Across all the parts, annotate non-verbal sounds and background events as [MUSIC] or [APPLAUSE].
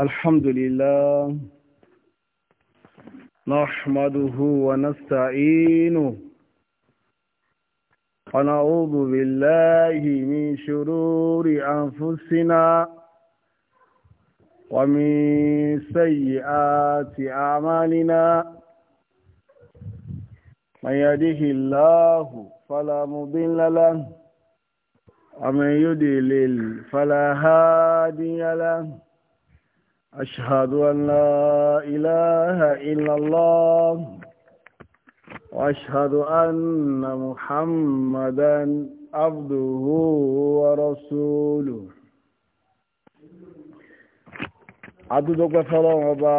الحمد لله نحمده ونستعينه ونعوذ بالله من شرور أنفسنا ومن سيئات أعمالنا من يده الله فلا مضل له ومن يدلل فلا هادي له أشهد أن لا إله إلا الله وأشهد أن محمدا عبده ورسوله àdúdọ́gbà fọ́lọ́run ọba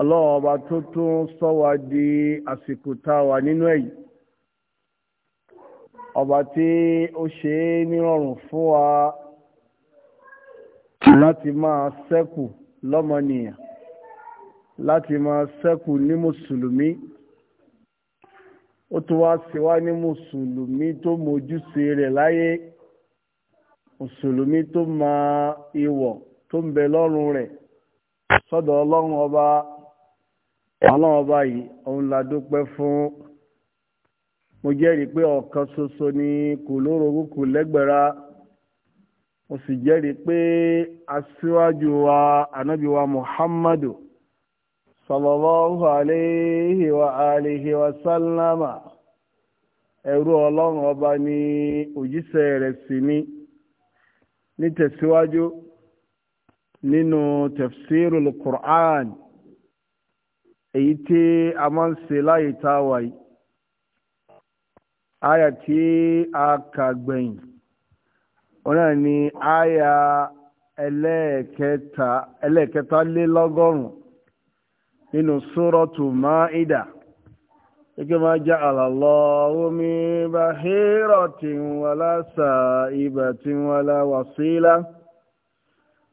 ọlọ́run ọba tó tún sọ wá di àsìkò tá a wà nínú èyí ọba tí ó ṣe wa láti máa ṣẹ́kù lọ́mọnìyàn láti máa ṣẹ́kù ní mùsùlùmí ó tún wá sí wá ní mùsùlùmí tó mójúṣe rẹ̀ láyé mùsùlùmí tó máa ìwọ̀ tó ń bẹ lọ́rùn rẹ̀ sọ́dọ̀ ọlọ́run ọba ọlọ́run ọba yìí òun la fún mo jẹ́rìí pé ọ̀kan ṣoṣo ni kò lórogún kò lẹ́gbẹ̀ra mo sì jẹ́rìí pé aṣíwájú wa ànábì wa muhammadu sallallahu alayhi wa alihi wa sallama ẹrú ọlọ́run ọba ni òjíṣẹ́ rẹ̀ sì ni nítẹ̀síwájú nínú tafsirul qur'an èyí tí a máa ń ṣe láyé táwa yìí àyà tí a kà gbẹ̀yìn ọ̀nà ni àyà ẹlẹ́ẹ̀kẹta ẹlẹ́ẹ̀kẹtàlélọ́gọ́rùn nínú Suratu Maida ike ma ja'ala Allahu min bahiratin wala sa'ibatin wala wasila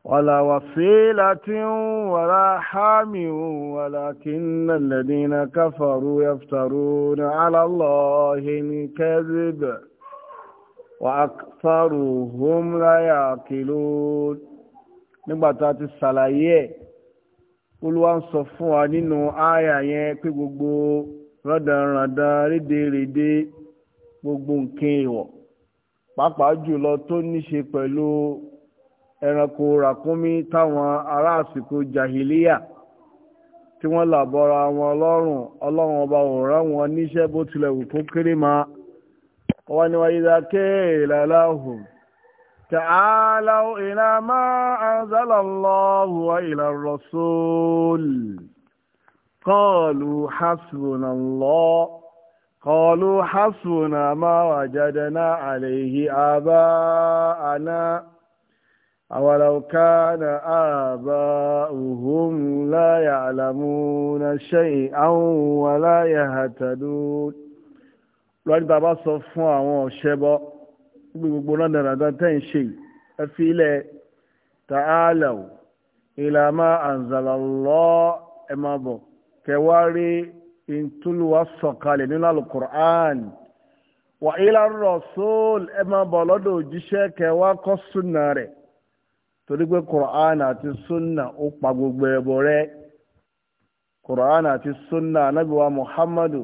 wala wasilatin wala hamin walakinna alladhina kafaru yaftaruna ala Allahi al-kadhiba وأكثرهم لا يعقلون nígbà tá a ti ṣàlàyé ẹ̀ olúwa ń sọ fún wa nínú àyà yẹn pé gbogbo rọ́dàràdà rédèrèdè gbogbo nǹkan ìwọ̀ pàápàá jùlọ tó níṣe pẹ̀lú ẹranko ràkúnmí táwọn ará àsìkò jahiliya tí wọ́n là wọn lọ́rùn ọlọ́run ọba ò rán wọn níṣẹ́ bó tilẹ̀ wù kó kéré máa wọ́n ní wáyé dákẹ́ ìlàláhùn تعالوا إلى ما أنزل الله وإلى الرسول قالوا حسبنا الله قالوا حسبنا ما وجدنا عليه آباءنا أولو كان آباؤهم لا يعلمون شيئا ولا يهتدون lọ́rí bàbá sọ fún àwọn ọ̀ṣẹ́bọ gbogbo náà dàdàdà tẹ́ ń ṣe ẹ fi ilẹ̀ ta'alaw ila ma anzalallah ẹ máa bọ̀ kẹwàá rí ìtúlùwà sọ̀kalẹ̀ nínú alukur'an wà ilà rasul ẹ máa bọ̀ lọ́dọ̀ òjíṣẹ́ kẹwàá kọ́ súnà rẹ̀ torí pé kur'an àti súnà ó pa gbogbo ẹbọ rẹ̀ kur'an àti súnà anábìwá muhammadu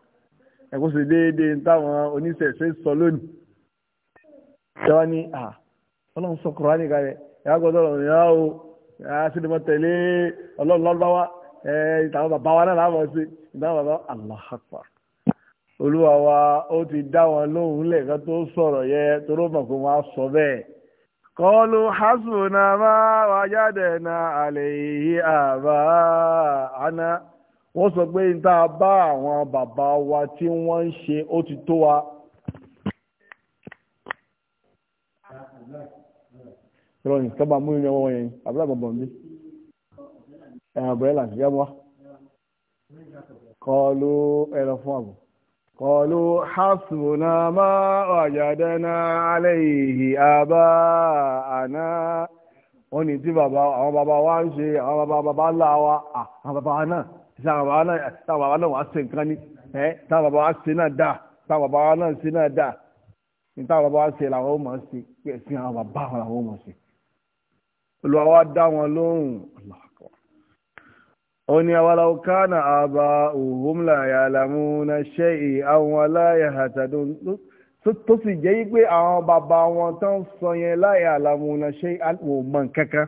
ẹ̀kọ́ sì déédéé táwọn oníṣẹ̀ṣẹ̀ sọ lónìí ṣẹ́wá ní à ọlọ́run sọ Kùránì kalẹ̀ ẹ̀yà gbọ́dọ̀ ọ̀rọ̀ ìyá o àṣìlẹ̀mọ̀ tẹ̀lé ọlọ́run lọ́lọ́wọ́ ìtàwọn bàbá wa náà láwọn ṣe ìtàwọn bàbá Allahu Akbar olúwa wa ó ti dá wọn lóhùn lẹ́ẹ̀kan tó sọ̀rọ̀ yẹ toró mọ̀ pé wọ́n á sọ bẹ́ẹ̀ kọlu hasbuna ma wajadna alayhi àbá àná wọ́n sọ pé tá a bá àwọn bàbá wa tí wọ́n ń ṣe ó ti tó wa. ìrọ̀lì sábà mú ìrìn ọwọ́ yẹn àbúrò àgbọ̀n bí àbúrẹ́là yẹ wá. kọlu ẹ̀rọ fún àbò. kọlu hasbuna ma wajadana alayhi aba ana wọ́n ní tí bàbá àwọn bàbá wa ń ṣe àwọn bàbá bàbá ńlá wa àwọn bàbá náà táwọn bàbá náà wàá ṣe nǹkan ní ẹ táwọn bàbá wa ṣe náà dáa táwọn bàbá wa náà ṣe náà dáa ní táwọn bàbá wa làwọn ó máa pé ẹ̀sìn àwọn bàbá wọn làwọn ó máa olùwà wa dá wọn lóhùn ó ní awalau kana aba'uhum la ya'lamuna shay'an wa la yahtadun tó sì jẹ́ yí pé àwọn bàbá wọn tán sọ yẹn la ya'lamuna shay'an wò mọ̀ kankan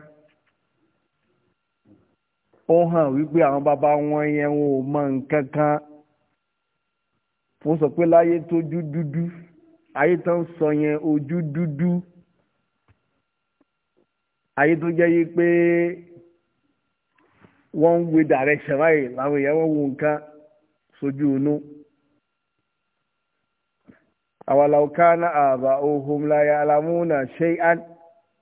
ó hàn wípé àwọn bàbá wọn yẹn wọn ò mọ nǹkan kan wọ́n sọ pé láyé tójú dúdú ayé tó ń sọ yẹn ojú dúdú ayé tó jẹ́ yí pé wọ́n ń wé direction báyìí làwọn èèyàn wọ́n wo nǹkan sójú inú. àwàlàwò kan náà àbà ohun láyà alámúnà ṣe é án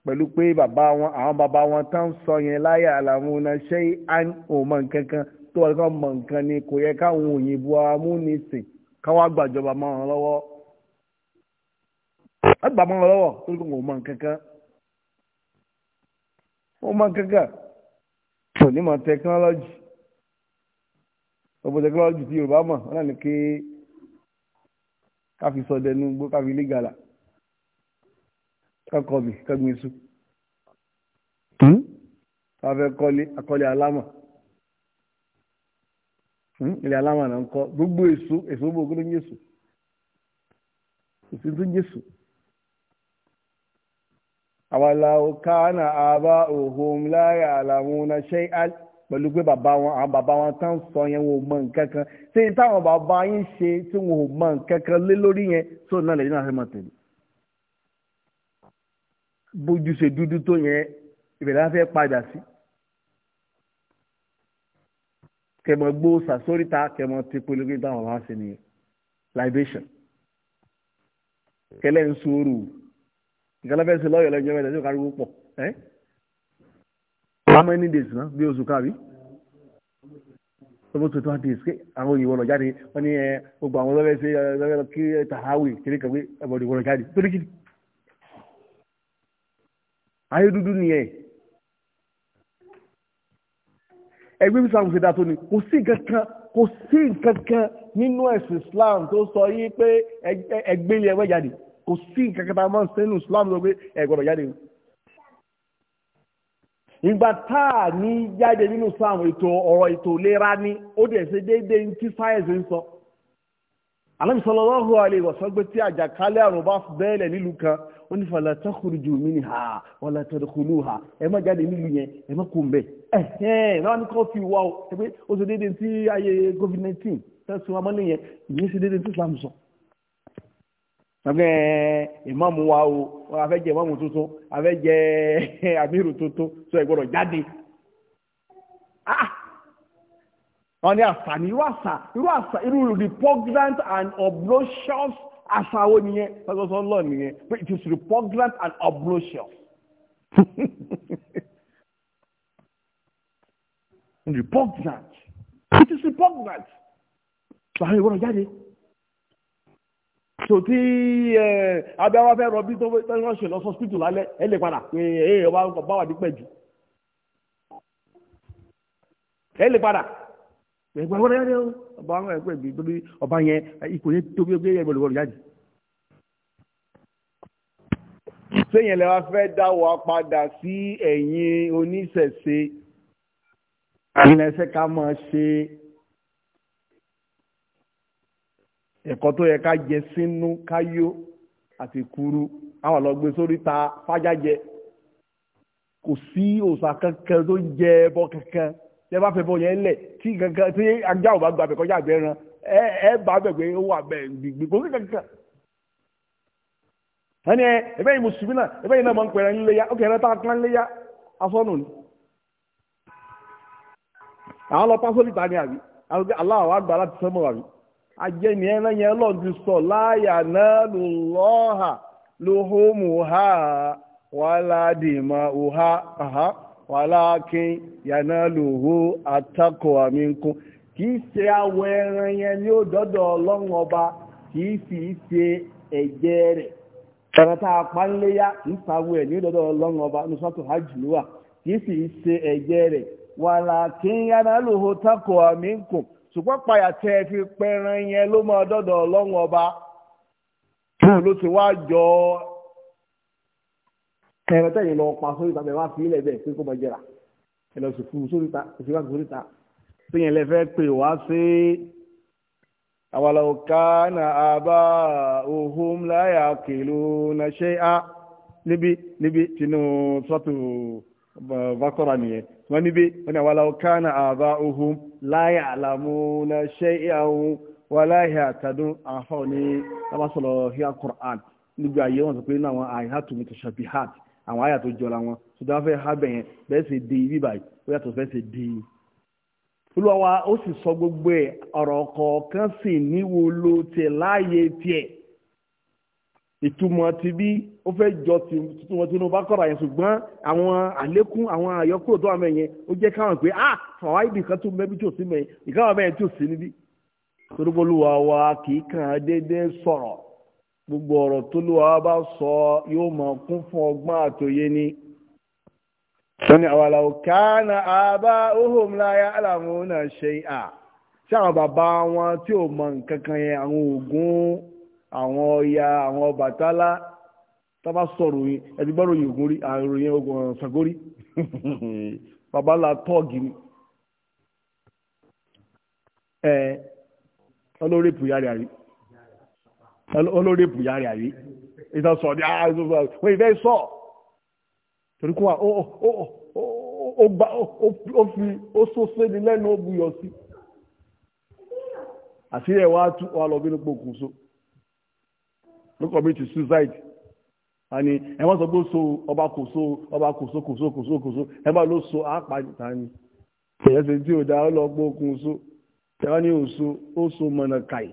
pẹ̀lú pé bàbá wọn àwọn bàbá wọn tán sọ yẹn láyé àlàmúna ṣé àn ò mọ nǹkan kan tó wọn kàn mọ nǹkan ni kò yẹ káwọn òyìnbó amúnisìn káwọn àgbàjọba mọ wọn lọ́wọ́ àgbà mọ wọn lọ́wọ́ tó kàn wọn nǹkan kan wọn nǹkan kan kò ní mọ tẹkinọlọjì ọ̀pọ̀ tẹkinọlọjì tí Yorùbá mọ̀ wọn náà ní kí káfí sọdẹnu gbó káfí lé gàlà kákọ̀bì kágbésù káfẹ́ hmm? kọ́lé akọ́lé alámà hmm? ilẹ̀ alámà náà ń kọ́ gbogbo èso èso bò kó ló ń jésù èso tó ń jésù. àwàláwo kánà àbá òhun láyà àlàmúna ṣe á pẹ̀lú pé bàbá wọn àwọn bàbá wọn tán sọ yẹn wọn ò mọ nǹkan kan ṣé táwọn bàbá yín ṣe tí wọn ò mọ nǹkan kan lé lórí yẹn tó náà lè ní àfẹ́ bójú ṣe dúdú tó yẹn ìbẹ̀rẹ̀ á fẹ́ padà sí. kẹmọ gbó sàsóríta kẹmọ ti polówó táwọn máa ń ṣe nìyẹn libation kẹlẹ́ ń sòrò ìkàlàfẹ́ sí lọ́yọ̀ lọ́jọ́ mẹ́ta tí ó kárí pọ̀ ẹ́ how many days náà bí oṣù kárí over to twenty days ké àwọn òyìnbó lọ jáde wọ́n ní ẹ gbogbo àwọn lọ́fẹ́ sí ẹ lọ́fẹ́ kí ẹ tàhàwì kiri kàwé ẹ bọ̀ òyìnbó lọ jáde torí kiri ayé dúdú nìyẹn ẹgbẹ́ bí sáà ń dá tó ni kò sí nǹkan kan kò sí nǹkan kan nínú ẹ̀sìn Islam tó sọ yí pé ẹgbẹ́ ilé ẹgbẹ́ jáde kò sí nǹkan kan tá a máa ń sẹ́ nínú Islam tó gbé ẹ̀gbọ́dọ̀ jáde ìgbà tá a ní jáde nínú Islam ètò ọ̀rọ̀ ètò ìlera ni ó dẹ̀ ṣe déédéé ní tí sáyẹ̀nsì ń sọ alábìsọ̀lọ́wọ́ alẹ́ ìwọ̀sán pé tí àjàkálẹ̀ àrùn bá bẹ́ẹ̀lẹ̀ nílùú kan ó ní fàlà tọ́kùrùjù mí ní ha wàlà tọ́dọ̀kùlù ha ẹ má jáde nílùú yẹn ẹ má kó ń bẹ̀ náà ní kọ́ọ̀fì wà ó ẹ pé ó ṣe déédéé ayé covid-19 tẹ̀sán amọ́lẹ̀ yẹn ìyẹn ṣe déédéé sí islam sọ. ṣàgbẹ́ ìmáàmù wa o afẹ́ jẹ ìmáàmù tuntun afẹ́ jẹ [LAUGHS] amírù tuntun sọ ẹ gbọ́dọ̀ jáde. Ah! wọ́n ní àṣà ní irú àṣà irú àṣà irú repugnant and obnoxious àṣà wo nìyẹn pẹ́sọ́sọ́ lọ nìyẹn pé it is repugnant and obnoxious. [LAUGHS] repugnant it is repugnant. Báyọ̀ ìwọ́n jáde. So tí abẹ́wá fẹ́ rọbí tó wọ́n ṣe lọ sọ́sítù lálẹ́ ẹ lè padà pé ẹ ọba báwà dípẹ́ jù. Ẹ lè padà ẹgbẹ́ wọ́n yára o ọba wọn ẹgbẹ́ mi tóbi ọba yẹn ikò yẹn tóbi ẹgbẹ́ yẹn bọ̀lùbọ̀lù jáde. sẹ́yìn lẹ́wà fẹ́ dá wa padà sí ẹ̀yìn oníṣẹ̀ṣe ìrìnàṣẹ́ ká máa ṣe ẹ̀kọ́ tó yẹ ká jẹ sínú káyó àti kúrú àwọn ọlọ́gbé sórí ta fájájẹ kò sí òòṣà kankan tó jẹ ẹbọ kankan. tẹ bá fẹ́ bọ yẹn lẹ̀ tí kankan tí ajá ò bá gba bẹ̀ kọjá àgbẹ̀ ran ẹ ẹ bá ó wà kò sí kankan. ẹ mùsùlùmí náà náà ń pẹ̀rẹ̀ ó kẹ̀rẹ́ tá a tán na afọ́nù ni. àwọn lọ pásólì ta ni àbí aláwọ̀ àgbà láti sẹ́mọ̀ àbí. ajẹ́ ni ẹ náà yẹn lọ́n ti sọ láyà náà ló lọ́ọ̀hà ló ha wàhálà wàláàkín yàná atako àtakọ̀ kì í ṣe àwọ̀ ẹran yẹn ní ó dọ́dọ̀ ọlọ́run ọba í fi ṣe ẹgbẹrẹ rẹ̀ tẹ̀rẹ̀ta àpánléyá ẹ̀ ní dọ́dọ̀ ọlọ́run ọba ní sọ́tò hajjúlúwà kìí ṣe ẹgbẹrẹ rẹ̀ ṣùgbọ́n payà tẹ́ ẹ ọba ló ti jọ ẹ̀rọ tẹ̀yìn lọ pa sórí ìta bẹ̀ wá fi ilẹ̀ bẹ̀ pé kó bọ jẹrà ẹ lọ sì fún sórí ìta òsì wá sórí ìta sẹ́yìn lẹ fẹ́ pè wá sí àwàlọ̀ kánà àbá òhun láyà kìlú na ṣe á níbi níbi tinú sọ́tù bákọ́ra nìyẹn wọ́n níbi wọ́n ní àwàlọ̀ kánà àbá òhun láyà àlàmú na ṣe àwọn wàláyà tàdún àfọ̀ ní tábàsọ̀rọ̀ híà Qur'an níbi àyè wọn sọ pé náà àwọn àyè hàtùmí tashabihat àwọn àyà tó jọra wọn ṣùgbọ́n wọ́n fẹ́ há bẹ̀ yẹn bẹ́ẹ̀ ṣe di ibi báyìí ó yàtọ̀ fẹ́ ṣe di. olùwàwà ó sì sọ gbogbo ẹ̀ ọ̀rọ̀ kọ̀ọ̀kan sì níwo lo tiẹ̀ láàyè tiẹ̀ ìtumọ̀ ti bí ó fẹ́ jọ tuntun tí wọn bá kọ́ra yẹn ṣùgbọ́n àwọn àlékún àwọn àyọkúrò tó wà mẹ́ yẹn ó jẹ́ káwọn pé ah fàwa ibì kan tó mẹ́bí tí ò sí mẹ́yìn ìkáwọn mẹ́yìn tí ò sí níbí. torí olùwàwà kì í kàn án déédéé sọ̀rọ̀ gbogbo ọ̀rọ̀ tó ló wa bá sọ yóò máa kún fún ọgbọ́n àtòyé ni sọ́ni àwàlàwò káàna àbá ohùn láyá aláàmúnà ṣe à tí àwọn bàbá wọn tí ò mọ nǹkan yẹn àwọn Ògún àwọn Ọya àwọn sọ̀rọ̀ yìí yìí ogun ọ̀rọ̀ [LAUGHS] bàbá la tọ́ọ̀gì ni ẹ olórí ìbùyà rẹ̀ àyè ìsọ̀sọ̀ wọ́n ìfẹ́ sọ̀ torí kó wa ó gba ó fi ó sọ́sẹ́ ní lẹ́nu ó buyọ̀ sí àṣírí ẹ̀ wá tú ọ lọ bínú pokùn so ló commit suicide àní ẹ wọ́n sọ pé ó so ọba kò so ọba kò so kò so kò so kò so ẹ bá ló so àápá níta ni ẹ̀yẹ́sẹ̀ tí ò dá ọ lọ pokùn so ẹ wá ní òso ó so mọ̀nà kàì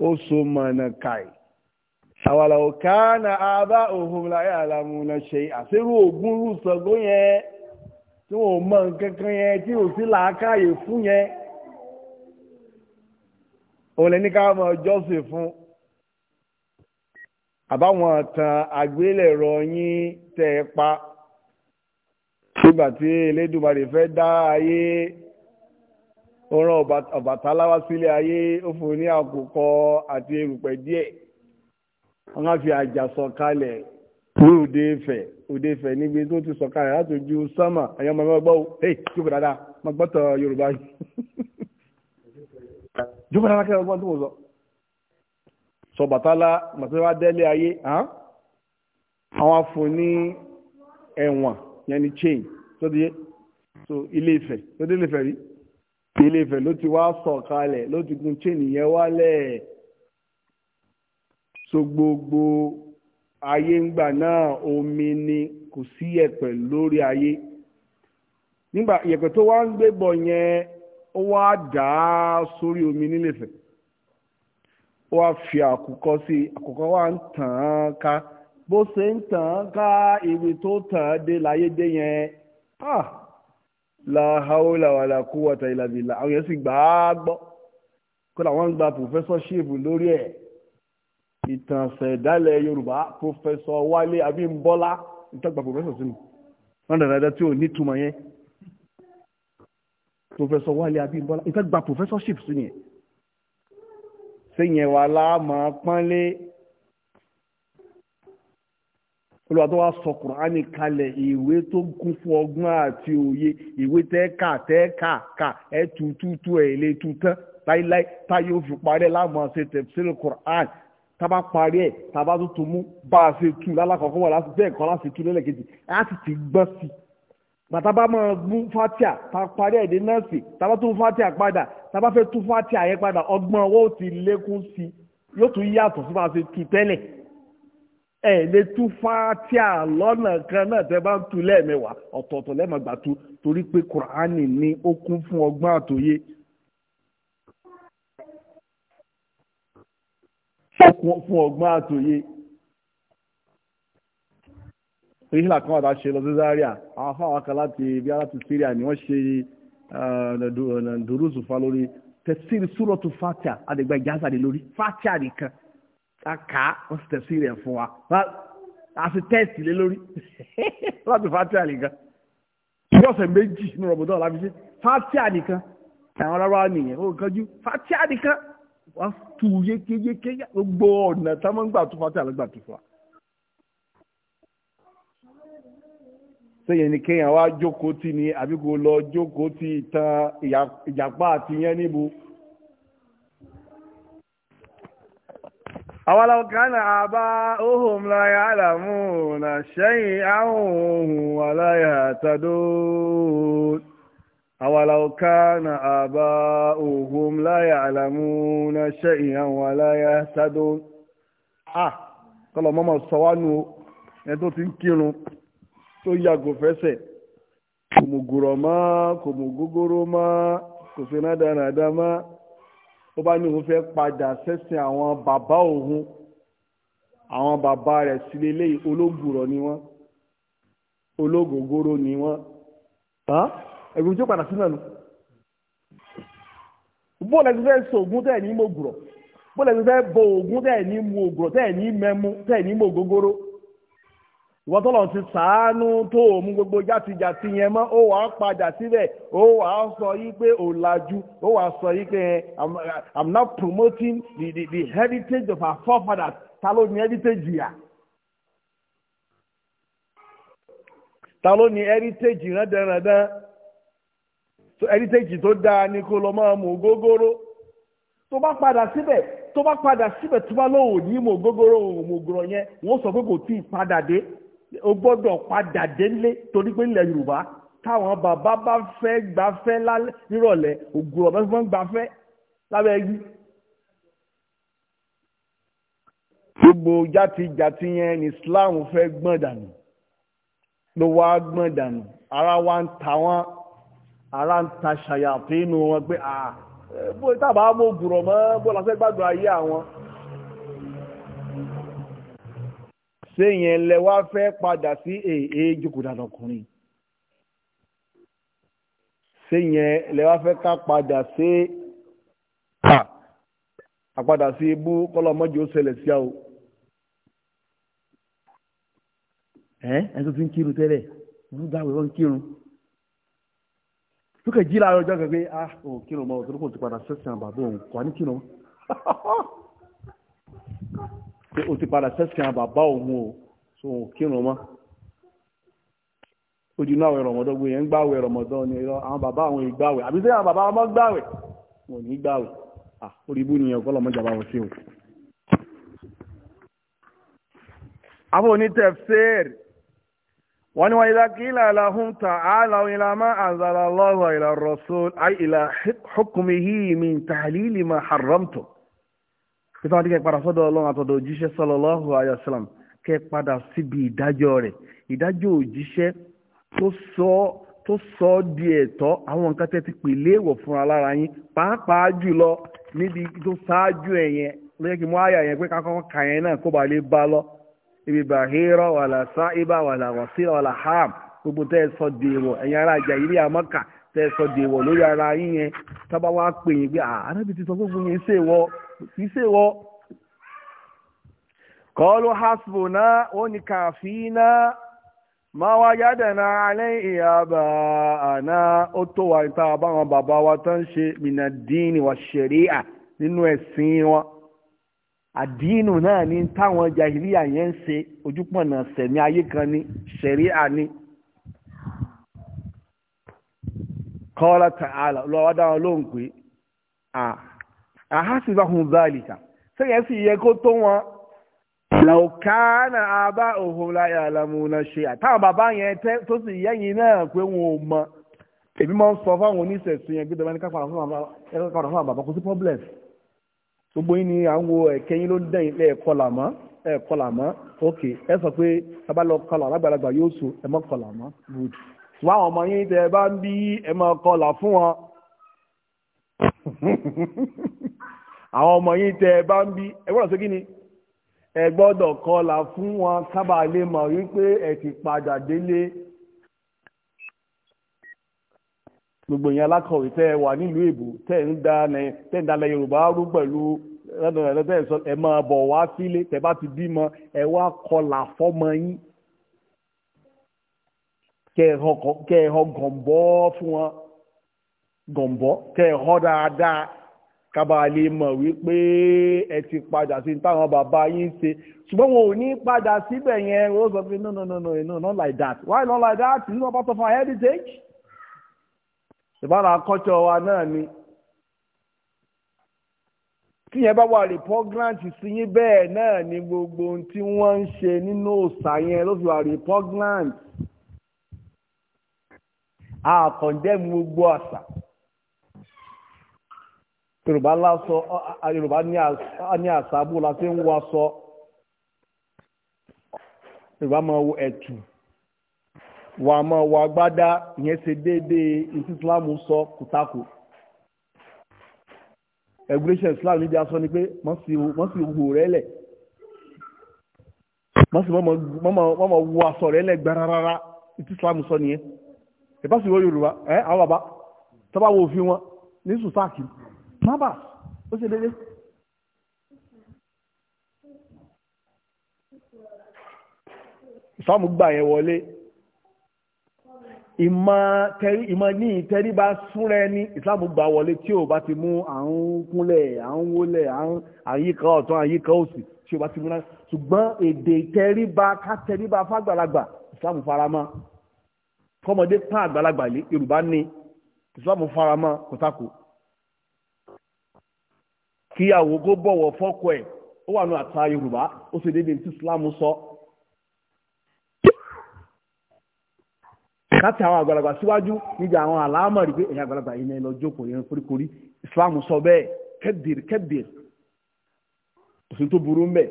ó so mọ̀nà kàì ṣàwàlàwò káànà àbá òhun láyé àlàmúnà ṣe àṣírò ògún rúṣọgbó yẹn tí wọn ò mọ nǹkan kan yẹn tí ò sí làákàyè fún yẹn òun lẹni ká mọ jọ́sìn fún àbáwọn àtàn àgbélẹ̀rọ yín tẹ̀ pa nígbà tí fẹ́ dá ayé ó rán Ọbàtálá wá sílé ayé ó fún un ní àkùkọ àti erùpẹ̀ díẹ̀ wọ́n á fi àjà sọ̀kalẹ̀ ní òde Ifẹ̀ òde Ifẹ̀ níbi tó ti sọ̀kalẹ̀ láti ojú sámà ẹ̀yọ́ ọmọ ẹgbẹ́ gbọ́wọ́ hey jókòó dáadáa mo gbọ́tọ̀ Yorùbá yìí [LAUGHS] jókòó dáadáa kẹ́rọ gbọ́n tó mo sọ sọ̀bàtálá màtíwá délé ayé àwọn afún ní ẹ̀wọ̀n yẹn ni chain tó di so Ilé Ifẹ̀ tó di Ilé Ifẹ̀ rí pélé fẹ̀ ló ti wá sọ̀kalẹ̀ ló ti gun chain yẹn wálẹ̀ so gbogbo ayé ńgbà náà omi ni kò sí yẹ̀pẹ̀ lórí ayé nígbà yẹ̀pẹ̀ tó wá ń gbé bọ̀ yẹn ó wá dà á sórí omi nílẹ̀fẹ̀ ó wá fi àkùkọ sí i àkùkọ wá ń tàn án ká bó ṣe ń tàn án ká ibi tó tàn án dé láyé dé yẹn ah! la haula wala quwwata illa billah àwọn yẹn sì gbà á gbọ́ kódà wọ́n ń gba professorship lórí ẹ̀ ìtànṣẹ̀dálẹ̀ yorùbá professor wálé abímbọ́lá ìtàgbà professor sínú wọ́n dàda dá tí ò ni túmọ̀ yẹn professor wálé abímbọ́lá ìtàgbà professorship sínú yẹn sẹ́yìn ẹ̀wà la ma pọ́nlé olùwà tó wá sọ kùránì kalẹ̀ ìwé tó kún fún ọgbọ́n àti òye ìwé tẹ́ẹ̀ka tẹ́ẹ̀ka ka ẹ̀ tututu ẹ̀ lè tu tán láíláí táyé ó fi parí ẹ̀ láàmú àṣẹ tẹ̀sílẹ̀ kùránì tábà parí ẹ̀ tábà tó tó mú bá a ṣe tu lálákọ̀ọ́kọ́ wà láti bẹ́ẹ̀ kọ́ láti tu lẹ́lẹ́kejì á sì ti gbọ́n sí i bàtàbà máa mú fatia tá a parí ẹ̀ dé nọ́ọ̀sì tábà tó fatia padà tábà fẹ́ tú fatia yẹn padà ọgbọ́n owó ti lékún sí i yóò tún yàtọ̀ sí bá a ṣe tu tẹ́lẹ̀ e lè tú fatia lọ́nà kan náà tẹ́ bá ń lẹ́ẹ̀mẹ́wàá ọ̀tọ̀ọ̀tọ̀ torí pé kùránì ni ó fún ọgbọ́n àtòyé. kan wà tá lọ sí Zaria àwọn fáwọn kan láti ibi aláti ni wọ́n ṣe eh, dùrúsù fa lórí tẹ̀síìrì súrọ̀tù fatia àdìgbà ìjásàdì lórí fatia nìkan. ká kà á wọ́n sì tẹ̀sí rẹ̀ fún wa a sì tẹ́ẹ̀sì lé lórí láti [LAUGHS] fatia nìkan bọ́ọ̀sẹ̀ méjì ní rọ̀bọ̀dọ́ làbíṣẹ́ fatia nìkan àwọn aráwá nìyẹn ó kánjú fatia nìkan wọ́n tu yékéyéké gbogbo ọ̀nà táwọn ń gbà tó fatia ló gbà tó fún wa. sẹ́yìn ni kéèyàn wá jókòó tì ní àbí kò lọ jókòó tì tán ìjàpá àti yẹn níbo. أولو كان آباؤهم لا يعلمون شيئا ولا يهتدون أولو كان آباؤهم لا يعلمون شيئا ولا يهتدون ah kọlọ mọmọ sọwánu ẹ tó ti ń kírun tó yàgò fẹsẹ̀ kò mú gùrọ mọ́ kò ó bá ní òun fẹ́ padà sẹ́sìn àwọn bàbá òun àwọn bàbá rẹ̀ sílé léyìí ológùrọ̀ ni wọ́n ológògóró ni wọ́n ẹ̀gbọ́n tí ó padà sí náà nù. bóòlù ẹ̀sìn fẹ́ sògùn tẹ̀ ní mọ̀gùrọ̀ bóòlù ẹ̀sìn fẹ́ bọ ògùn tẹ̀ ní mọ̀gùrọ̀ tẹ̀ ní mẹ́mú tẹ̀ ní mọ̀gógóró. ìwọ́n tọ́lọ̀ ti sàánú tó mú gbogbo játijàti yẹn mọ́ ó wàá padà síbẹ̀ ó wàá sọ yí pé òlàjú ó wàá sọ yí pé i'm not promoting the heritage of our forefathers ta ló ní heritage yà ta ló heritage heritage tó dáa ni kó lọ máa mú gógóró tó bá padà síbẹ̀ tó bá padà síbẹ̀ tó bá lóòrùn ní mò gógóró òun yẹn o gbọ́dọ̀ padà délé torí pé ilẹ̀ yorùbá táwọn bàbá bá fẹ́ gbafẹ́ nírọ̀lẹ́ ògùn ọ̀bẹ fún gbafẹ́ lábẹ́ ẹgbí. gbogbo játijàti yẹn ni islam fẹ́ gbọ́n dànù ló wá gbọ́n dànù ara wa ń ta wọn ara ń ta ṣàyàfínú wọn pé ah bó tábà mọ̀ ògùn ọ̀bẹ bó la fẹ́ gbàdúrà ayé àwọn. séyẹn lẹ wá fẹ́ padà sí èè jókòó dáadáa ọkùnrin séyẹn lẹ wá fẹ́ ká padà sí àpadà sí ibú kọlọmọjì ó ṣẹlẹ̀ sí àwọ. ẹ ẹ tó ti ń kírun tẹ́lẹ̀ ń gbàwé wọn kírun lókè jí láàárọ̀ ọjọ́ kan pé ah ò kírun mọ́ òtún kò ti padà sẹ́sìn àbàbọ̀ òun kò ní kírun mọ́. [LAUGHS] pé o ti padà sẹ́sìn àwọn bàbá òun o so òun kírun mọ́ ojú náà àwẹ̀ rọ̀mọ́dọ́ gbé yẹn ń gbàwẹ̀ rọ̀mọ́dọ́ ni àwọn bàbá àwọn ìgbàwẹ̀ àbí sẹ́yìn àwọn bàbá wọn gbàwẹ̀ wọn ò ní gbàwẹ̀ orí ibú nìyẹn ọ̀pọ̀ lọ́mọ jàmbá wọn sí o. àbò ní tafsir wọ́n ní wọ́n idha qila lahum ta'alaw ila ma anzala Allahu ila rasul ay ila hukmihi min tahlili ma harramtum pé táwọn adékẹ́ padà sọ́dọ̀ ọlọ́run àtọ̀dọ̀ òjíṣẹ́ sallallahu alayhi wa sallam kẹ́ padà síbi ìdájọ́ rẹ̀ ìdájọ́ òjíṣẹ́ tó sọ tó sọ ọ́ di ẹ̀tọ́ àwọn nǹkan tẹ́ ti pè léèwọ̀ fúnra lára yín pàápàá jùlọ níbi tó ṣáájú ẹ̀ yẹn ló yẹ kí mo àyà yẹn pé kákan kà yẹn náà kó ba lè bá lọ ibi bàhírọ wàlà sáíbà wàlà wàsílà wàlà ham gbogbo tẹ́ sọ di ẹ̀yin ara àjà ìrí àmọ́kà tẹ́ sọ di lórí ara yín yẹn tábà wá pè yín pé àrẹ́bìtì sọ gbogbo yẹn ṣèwọ́ kì í ṣe wọ. kọ́ọ̀lù hasbuna ó ní kàfínà máa wá yádẹ̀nà alẹ́ ana o to wa wà níta báwọn bàbá wa ta n se mìnàdínì wà ṣẹ̀ríà nínú ẹ̀sìn wọn adinu naa ni táwọn jahiliya yẹn ń ṣe ojúpọ̀nà sẹ̀mí ayé kan ni shari'a ni kọ́ọ̀lù tààlà lọ́wọ́ dáhùn ló ń pè Ahasi ahasibahum zalika sẹ́yìn sì yẹ kó tó wọn lọ́kàánà àbá òhun láyà àlàmúnà ṣe àtàwọn bàbá yẹn tó sì yẹ́yìn náà pé wọn ò mọ èmi máa ń sọ fáwọn oníṣẹ̀sìn yẹn gbẹdọ̀ ní kápá fún bàbá kò sí problem gbogbo yín ni à ń wo ẹ̀kẹ́ yín ló ń dẹ̀yìn lẹ́ẹ̀kọ́ làmọ́ ẹ̀kọ́ làmọ́ ok ẹ sọ pé bàbá lọ kọlà lágbàlagbà yóò so ẹ mọ́ kọlà mọ́ good ṣùgbọ́n àwọn ọmọ yín tẹ ẹ bá ń bí ẹ máa kọlà fún wọn àwọn ọmọ yìí tẹ ẹ bá ń bí ẹ gbọ́dọ̀ sí kí ni ẹ gbọ́dọ̀ kọlà fún wọn kábà lè mọ̀ wípé ẹ ti padà délé gbogbo yẹn alákọ̀wé tẹ́ ẹ wà nílùú èbó tẹ́ ẹ ń da tẹ́ ẹ ń dalẹ̀ yorùbá rú pẹ̀lú ẹ máa bọ̀ wá sílé tẹ́ bá ti bímọ ẹ wá kọlà fọ́mọ yín kẹ́ ẹ hàn gànbọ́ fún wọn gọ̀m̀bọ́ kẹ́ ẹ̀ dáadáa kábà lè mọ̀ wípé ẹ ti padà sí táwọn bàbá yín ṣe ṣùgbọ́n wọn ò ní padà síbẹ̀ yẹn ó sọ pé no no no no no not like that why not like that it's not part of our heritage ìbára culture wa náà ni tí yẹn bá wà repugnant sí yín bẹ́ẹ̀ náà ni gbogbo ohun tí wọ́n ń ṣe nínú òòṣà yẹn ló fi wà repugnant a condemn gbogbo àṣà yorùbá lásọ yorùbá ní àṣàbò láti ń wọ aṣọ yorùbá máa wọ ẹ̀tù wà máa wọ agbádá ìyẹn ṣe déédéé ìsí islam sọ kùtàkù regulation islam níbi aṣọ ni pé wọ́n sì wò rẹ̀ lẹ̀ wọ́n sì mọ́ mọ́ wọ aṣọ rẹ̀ lẹ̀ gbárárá ìsí islam sọ nìyẹn ìbá sì wọ yorùbá ẹ àwọn bàbá tọ́ba wo òfin wọn ní sùsáàkì mábà ó ṣe dédé ìsọ́mù gbà yẹn wọlé ìmọ̀ ní ìtẹríba súnra ẹni ìsìláàmù gbà wọlé tí ò bá ti mú àrùn kúnlẹ̀ àrùn wólẹ̀ àyíká ọ̀tún àyíká òsì tí ò bá ti mú náà ṣùgbọ́n èdè ìtẹríba ká tẹríba fágbàlagbà ìsìláàmù farama kọ́mọdé tán àgbàlagbà lé yorùbá ní ìsìláàmù farama kòtàkùn kíyàwó kó bọ̀wọ̀ fọ́kọ ẹ̀ ó wà ní àṣà yorùbá ó sì dédé tí islam sọ. láti àwọn àgbàlagbà síwájú níbi àwọn àlámọ̀ rí pé ẹ̀yin àgbàlagbà yìí náà lọ jókòó yẹn islam sọ bẹ́ẹ̀ kẹ́dìrì kẹ́dìrì òsín tó burú mbẹ́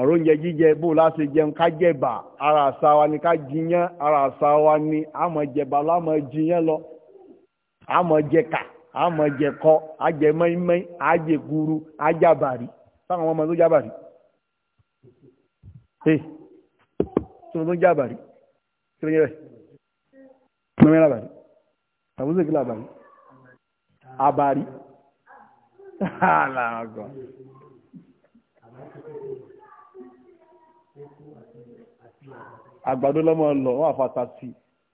ọ̀rọ̀ oúnjẹ jíjẹ bó láti jẹun ká jẹba ara àṣà wa àmọ́ jẹ kọ́ àjẹ mọ́ínmọ́ín àjẹ guru àjàbàrí sáwọn ọmọ tó jàbàrí ṣe tí wọ́n tó jàbàrí kí ló yẹ bẹ́ẹ̀ kí ló yẹ làbàrí àbúrò kí làbàrí àbàrí àlàgọ̀. àgbàdo lọ́mọ lọ wọ́n àfàtà sí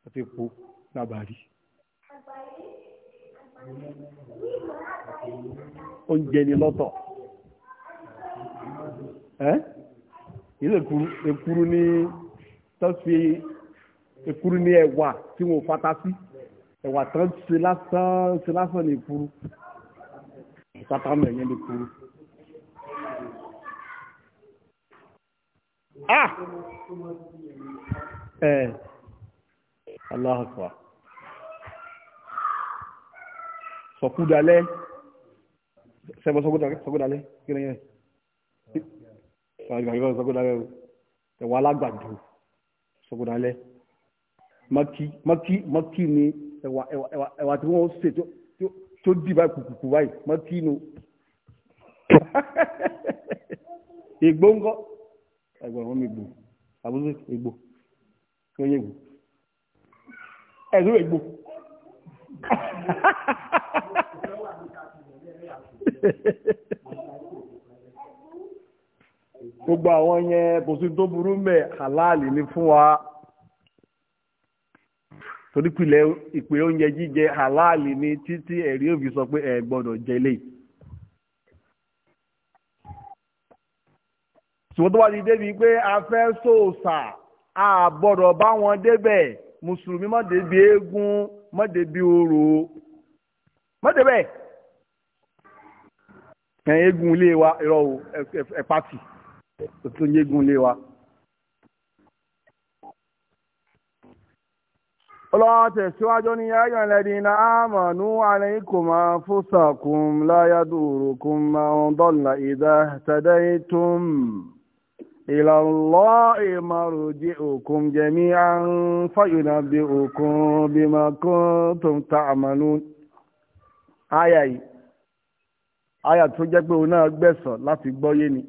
àti epo làbàrí oúnjẹ ni lọ́tọ̀ ẹ́ ilé ekuru ní tọ́sí ekuru ní ẹ̀wà tí wọ́n fata sí ẹ̀wà tán ṣe lásán ṣe lásán ní ekuru ìsátánù ẹ̀yẹn ní ekuru. ah ẹ̀ aláhùn kọ́. sọ̀kúdalẹ́ sẹ́bọ̀ sọ̀kúdalẹ́ kí ni yẹn sọ̀kúdalẹ́ o ẹ̀wọ̀n alágbàdo sọ̀kúdalẹ́ mọ́kí mọ́kí mọ́kí ni ẹ̀wà ẹ̀wà ẹ̀wà tí wọ́n ṣe tó dì báyìí kùkùkù báyìí mọ́kí nu [LAUGHS] ìgbó ńkọ́ ẹ̀gbọ́n wọn mi gbò àbúrò ìgbò kí wọ́n yẹ ìgbò ẹ̀dúró ìgbò gbogbo àwọn yẹn kò sí tó burú mẹ́ halali ni fún wa torí pìlẹ̀ ìpè oúnjẹ jíjẹ halali ni títí ẹ̀rí òfin sọ pé ẹ gbọ́dọ̀ jẹ lé ṣùgbọ́n tó wá di débi pé a fẹ́ sòòsà a gbọ́dọ̀ bá wọn débẹ̀ mùsùlùmí má débi eégún mọ́dẹ̀bí oró mọ́dẹ̀bẹ̀ ẹ̀ eégún ilé wa irọ́ o ẹ̀ pàtì tó yégun ilé wa. ọlọ́tẹ̀ síwájú ní máa ń dọ́là ìdá tún. إلى الله مرجعكم جميعا فينبئكم بما كنتم تعملون آية yìí àyà tó jẹ́ pé òun náà gbẹ̀sọ̀ láti ni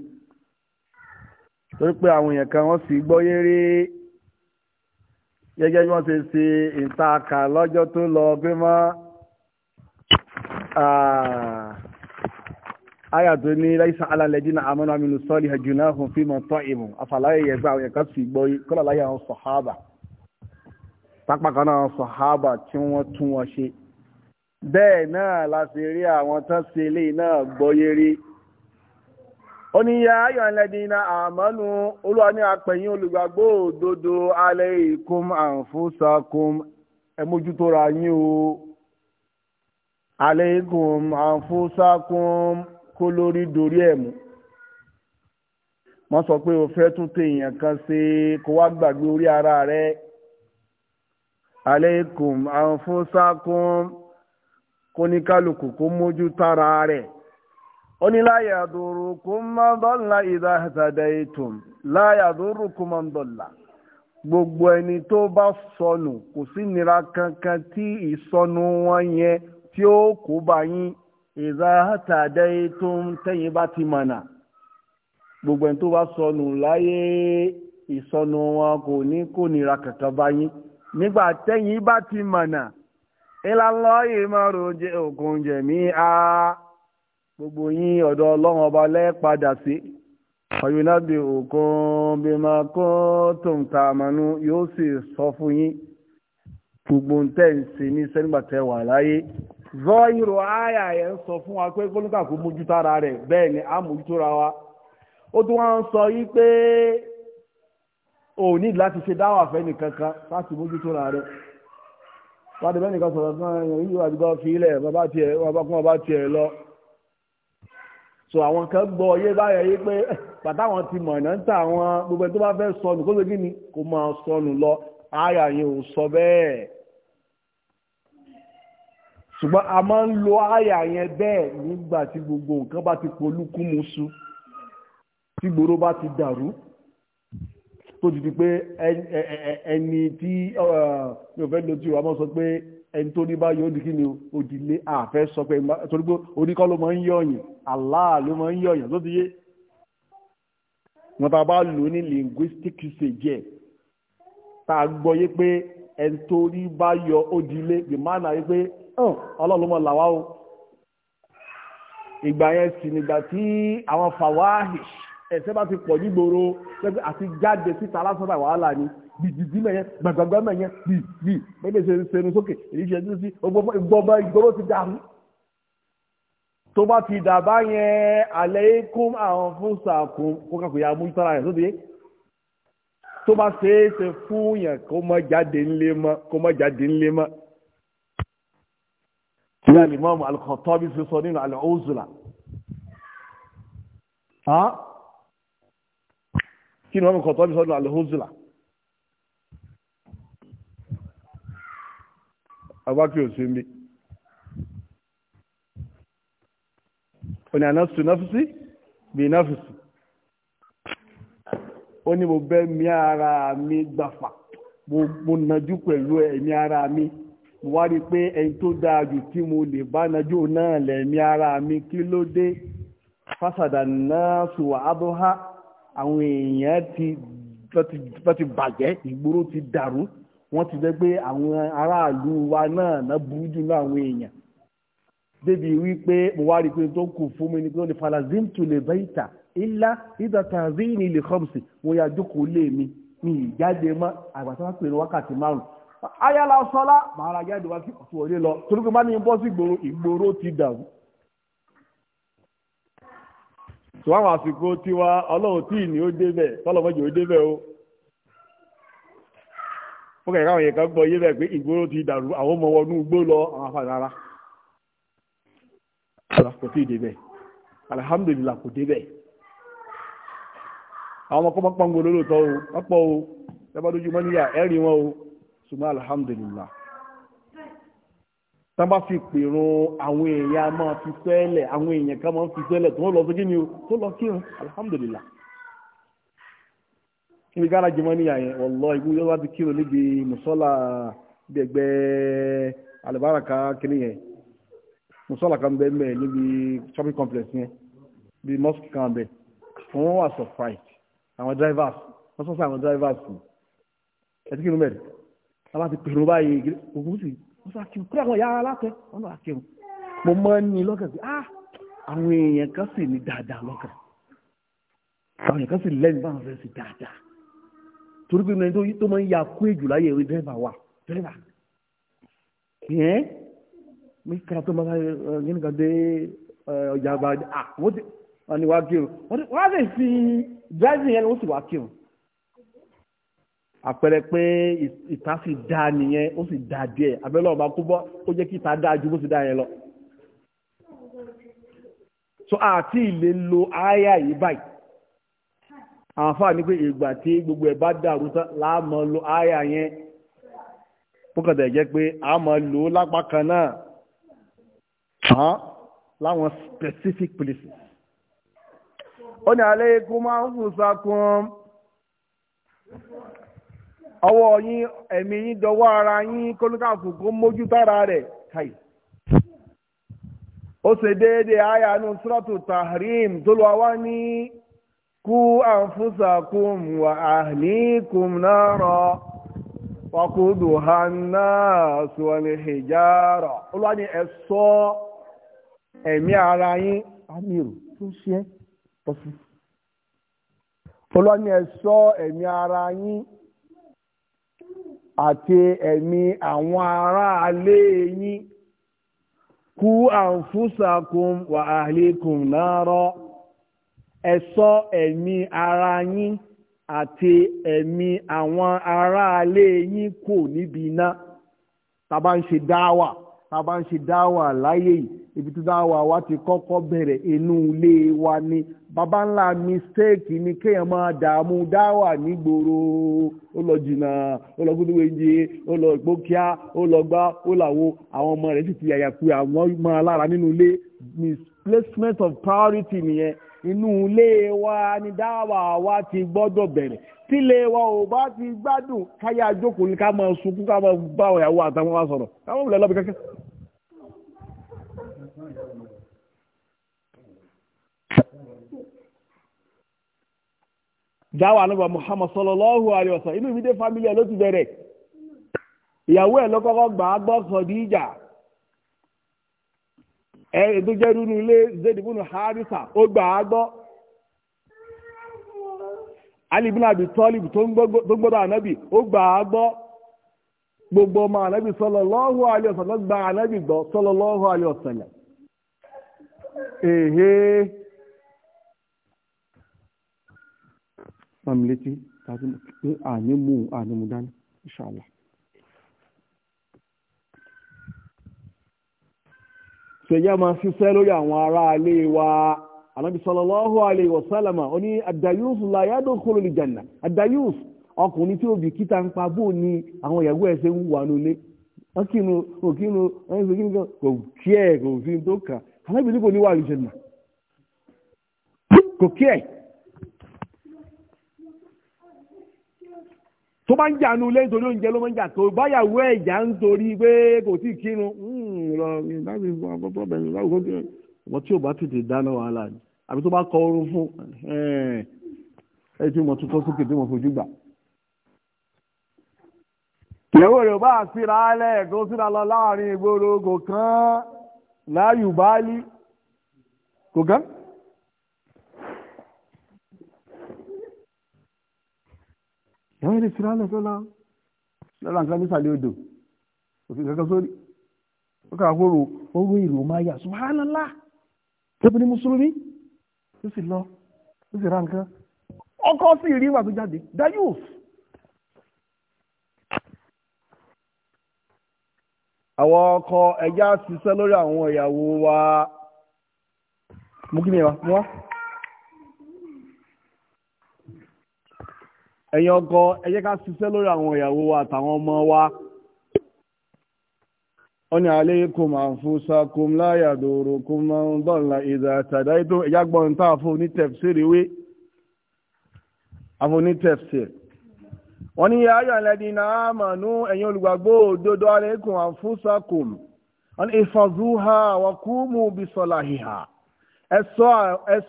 àwọn èèyàn kan wọ́n sì gbọ́yé rí gẹ́gẹ́ bí wọ́n ṣe ṣe ìtaàkà lọ́jọ́ tó lọ aya tó ní láìsà alálẹ́dínà àmọ́nà àmìnú sọ́ọ̀lì àjùnà ọ̀hún fíìmọ̀ tọ́ ìmọ̀ àfàlàyé yẹgbà àwọn ẹ̀ka sì gbọ́ kọ́lá láyé àwọn sọ̀hábà pápákan náà àwọn sọ̀hábà tí wọ́n tún wọn ṣe bẹ́ẹ̀ náà la sì rí àwọn tán sí ilé náà gbọ́yé rí ó ayọ̀ alẹ́dínà àmọ́nù olúwa ní apẹ̀yìn olùgbàgbọ́ òdodo alẹ́ ìkum àǹfóṣàkum ẹ kó lórí dorí mú pé o fẹ́ tún tẹ èèyàn kan ṣe kó wá gbàgbé orí ara rẹ aleikum anfusakum kó ní kó mójú rẹ̀ ó ní láyé àdúrókùn máa dọ́là ìdá àtàdá gbogbo ẹni tó nira kankan tí ìsọnù wọn yẹn tí ó kó bá ìzá àtàdé tó ń tẹ́yìn bá ti mọ̀nà gbogbo ẹni tó bá sọnù láyé ìsọnù wọn nira kankan bá yín nígbà tẹ́yìn bá ti mọ̀nà ìlànà òkun gbogbo yín ọ̀dọ̀ ọlọ́run ọba lẹ́ padà sí ọ̀yọ́nàbí òkun bímọ kó tó ń ta àmọ́nú yóò sì sọ fún yín gbogbo ń tẹ̀ ń ní láyé. zọ́yìnrò àyà ẹ̀ ń sọ fún wa pé kólúkà kó mójútó ara rẹ̀ ni a mójútó ra wa ó tún wá ń sọ yí pé ò ní láti ṣe dáwà fẹ́ nìkan kan láti mójútó ra rẹ̀ wádìí bẹ́ẹ̀ nìkan sọ̀rọ̀ kan ẹ̀yàn yíyọ àdúgbò fílẹ̀ bàbá tiẹ̀ bàbá kún bàbá tiẹ̀ lọ so àwọn kan gbọ́ yé báyọ̀ yé pé pàtàwọn eh, ti mọ̀ náà ń tà àwọn gbogbo ẹ̀ tó bá fẹ́ sọnù kó ló ni kó máa sọnù lọ àyà yẹn ò sọ bẹ́ẹ̀ ṣùgbọ́n a máa ń lo àyà yẹn bẹ́ẹ̀ nígbà tí gbogbo nǹkan bá ti polúkúmuṣu tí gbòòrò bá ti dàrú tó ti di pé ẹni tí mi ò fẹ́ lo tí o a máa sọ pé ẹni tó ní báyìí ó di kí ni òdìlé àfẹ́ sọ pé torí pé oníkọ́ ló máa ń yọ̀yìn Allah ló máa ń yọ̀yìn tó ti yé wọn tá a bá lò ní linguistic usage ẹ̀ tá a gbọ́ yé pé ẹni tó ní báyọ̀ òdìlé bí máa nà yé pé ọlọ́lọ́mọ làwá o ìgbà yẹn sì nígbà tí àwọn fàwáhì ẹ̀ṣẹ̀ bá ti pọ̀ ní gbòòrò pẹ́pẹ́ àti jáde síta lásán báyìí wàhálà ni bìjìjì mẹ́yẹn gbàgbàgbà mẹ́yẹn bì bì ṣe ṣerun sókè èyí ṣe ṣe sí ìgbọ̀nbọ̀ ìgboro ti dàrú tó bá ti dàbá yẹn alẹ́ kún àwọn fún sàkún kó kàkó ya mú tọ́ra rẹ̀ sóde tó bá ṣeé ṣe fún yẹn kó má jáde ńlé mọ́ ní alimọ́mù alkọ̀tọ́bí fi sọ nínú alọ́ọ̀zùlà kí ni wọ́n mú kọ̀tọ́bí sọ nínú alọ́ọ̀zùlà abákí ò sí ń bí ó ní anásù náfísì bí náfísì ó ní mo bẹ́ mi ara mi gbàfà mo najú pẹ̀lú ẹ̀mí ara mi wá rí pé ẹni tó dáa jù tí mo lè bá nájú náà lẹ̀mí ara mi kí ló dé fásàdà náà sùwà abúhá àwọn èèyàn ti bàjẹ́ ìgboro ti dàrú wọ́n ti jẹ́ pé àwọn aráàlú wa náà náà burú jù lọ àwọn èèyàn débi wípé mo wá rí pé tó kù fún mi ni pé ó lè falazim tó lè bẹ́ ìta ilá ìdàtà zíìnì lè kọ́mùsì mo yà jókòó lé mi mi ìjáde mọ́ àgbàtà wá pèrè wákàtí márùn-ún ayala sọlá màá ra jáde dịwa sí ọ̀tún lọ torí pé má ní bọ́ sí ìgboro ìgboro ti dàrú. tó àwọn àsìkò tiwa ọlọ́run tí o ó débẹ̀ o o Oge kẹ̀kẹ́ àwọn yẹn kan gbọ́ yé pé ti daru àwọn ọmọ lọ àwọn afáàlì Ala kò tí ì débẹ̀ kò àwọn ọmọ o o ẹ bá o. ṣùgbọ́n alhamdulillah tán bá fi pèrún àwọn èèyàn máa fi sẹ́lẹ̀ àwọn èèyàn kan máa fi sẹ́lẹ̀ tó lọ sí kí ni o tó lọ sí ìrìn alhamdulillah níbi gára jẹmọ́ ní àyẹn ọ̀lọ́ ìgbó yóò wá ti kírò níbi mùsọ́là gbẹgbẹ́ alìbáraka kiri yẹn mùsọ́là kan bẹ́ẹ̀ mẹ́ẹ̀ níbi shopping complex yẹn bí mosque kan bẹ́ẹ̀ fún wọn wà àwọn drivers wọ́n sọ́sọ́ àwọn drivers ẹ̀ tí kí ni mẹ́rin bá ti pèrò báyìí ògùn sì wọ́n sá kí n kúrò àwọn ìyá alákẹ́ wọ́n náà kí n mo mọ́ ní lọ́kàn pé ah àwọn èèyàn kan sì ní dáadáa lọ́kàn àwọn èèyàn kan sì lẹ́yìn báwọn fẹ́ sí dáadáa torí pé ẹni tó máa ń ya kó èjù láyé ìwé dẹ́rẹ́bà wà dẹ́rẹ́bà yẹn mi kàrà tó máa ń gbà dé ọjà àbájá ah wọ́n ti wá kírun wọ́n á lè fi dráìvì yẹn ló sì wá kírun àpẹẹrẹ pé ìta sì dá nìyẹn ó sì dá díẹ̀ abẹ́lẹ́ ọba kó bọ́ ó jẹ́ kí ìta dá ju bó sì dá yẹn lọ. so àti ìlè lo àyà yìí báyìí àǹfààní ní pé ìgbà tí gbogbo ẹ̀ bá dàrú tán láàmọ́ lo àyà yẹn bókàtà jẹ́ pé àmọ́ lò ó lápá kan náà hàn láwọn specific places. ó ní alẹ́ ikú máa ń fún sakun. ọwọ́ yín ẹ̀mí yín dọwọ́ ara yín kólúkàfù kó mójú tára rẹ̀ káyì. ó ṣe déédéé àyà nù tahrim tó lọ́wọ́ wá ní kú àǹfùsàkùm wà àhìníkùm nára wàkúdù hànà sùwàlì hijara olúwa ni ẹ ẹ̀mí ara yín amírù tó ṣe ni ara yín. àti ẹ̀mí àwọn aráalé yín kú àǹfúsàkùn wà àhlékùn náírà ẹ ṣọ́ ẹ̀mí ara yín àti ẹ̀mí àwọn aráalé yín kò níbi iná tàbá ń ṣe dáwà tàbá ń ṣe dáwà láyé yìí ibi tí dáwà wa ti kọ́kọ́ bẹ̀rẹ̀ inú ilé wa ni bàbá ńlá mistake ni kéèyàn máa dààmú dáwà nígboro ó lọ jìnnà ó lọ gúdúwé yé ó lọ ìgbókíá ó lọ gbá ó làwo àwọn ọmọ rẹ̀ sì ti yàyàkú àwọn máa lára nínú ilé misplacement of priority nìyẹn inú ilé wa ni dáwà wa ti gbọ́dọ̀ bẹ̀rẹ̀ tílé wa ò bá ti gbádùn káyà jókòó ní ká máa sunkún ká máa bá ìyàwó àtàwọn wa sọ̀rọ̀ káwọn ò lè kankan. dáwà anábà muhammad sallallahu alaihi wasallam inú ìmídé family ẹ̀ ló ti bẹ̀rẹ̀ ìyàwó ẹ̀ ló kọ́kọ́ gbà á gbọ́ Khadija ẹ̀ tó jẹ́ rúnú ilé zayd harisa ó gbà á gbọ́ ali ibn tó ń gbọ́dọ̀ ànábì ó gbà á gbọ́ gbogbo ọmọ ànábì sallallahu alaihi wasallam gba ànábì gbọ́ sallallahu pàmì létí tàbí pé àní mú àní mú dání inṣàlá. ṣèyá máa ṣiṣẹ́ lórí àwọn ará ilé wa anábì sallallahu alayhi ó ní àdàyúùsù al-janna àdàyúùsù ọkùnrin tí ó kíta ń pa ni àwọn ìyàwó ẹ̀ ń wà nílé kò tó bá ń jà nu ilé nítorí oúnjẹ ló máa ń jà tó báyàwó ẹ̀ ń torí pé kò hmm, tí ì kírun ọmọ tí ò bá tètè dáná wàhálà ni àbí tó bá kọ oorun fún ẹ tí mo tún sókè tí mo fojú gbà. ìyàwó rẹ̀ bá ìyàwó ẹni fira lẹ sọlá lọ́la nǹkan nísàlẹ̀ odò òfin kankan sórí ó kà wóró owó ìrò máa yà subhanalá tẹ́bí ní mùsùlùmí ó sì lọ ó sì ra nǹkan ọkọ sì rí wà tó jáde dayus. àwọn ọkọ ẹja ṣiṣẹ́ lórí àwọn ìyàwó wa mú kí ni ẹ wá mú wá. ẹ̀yin ọkọ ẹ ká lórí àwọn ìyàwó wa àtàwọn ọmọ wa wọ́n ní alaykum anfusakum la yadurukum man dalla idha tadaytum ẹ̀yà gbọ́n tá a fún ní ẹ̀yin olùgbàgbọ́ òdodo wọ́n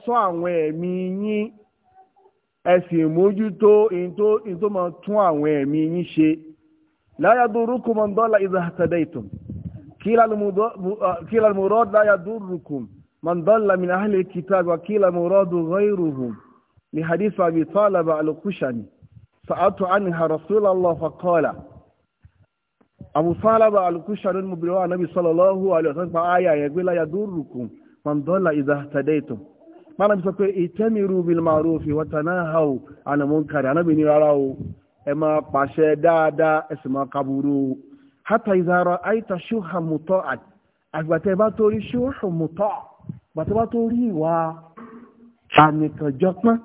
àwọn ẹ̀mí yín ẹ sì mójútó ìyìn tó máa tún àwọn ẹ̀mí yín ṣe láyà dúrúkú mọ́ dọ́là ìzà àtẹ̀dẹ́ ìtùm kí lálùmọ́rọ́ láyà dúrúkú mọ́ dọ́là min ahli kitab wa kí lálùmọ́rọ́ dùn ghayruhum ní hadith abi talaba al-kushani sa'atu anha rasulallah faqala abu talaba al-kushani mubirawa nabi sallallahu alaihi wasallam pa aya yẹn gbé láyà dúrúkú mọ́ dọ́là ìzà àtẹ̀dẹ́ ìtùm mọ́nà bí sọ pé ìtẹ́mìrú bil ma'rufi wa tanahaw 'anil munkar anábì ní rárá o ẹ máa pàṣẹ dáadáa ẹ sì máa kaburú o hatta idha ra'ayta shuhha muta'at àgbàtẹ́ bá tó rí shuhhu muta' àgbàtẹ́ bá tó rí ìwà ànìkànjọpọ́n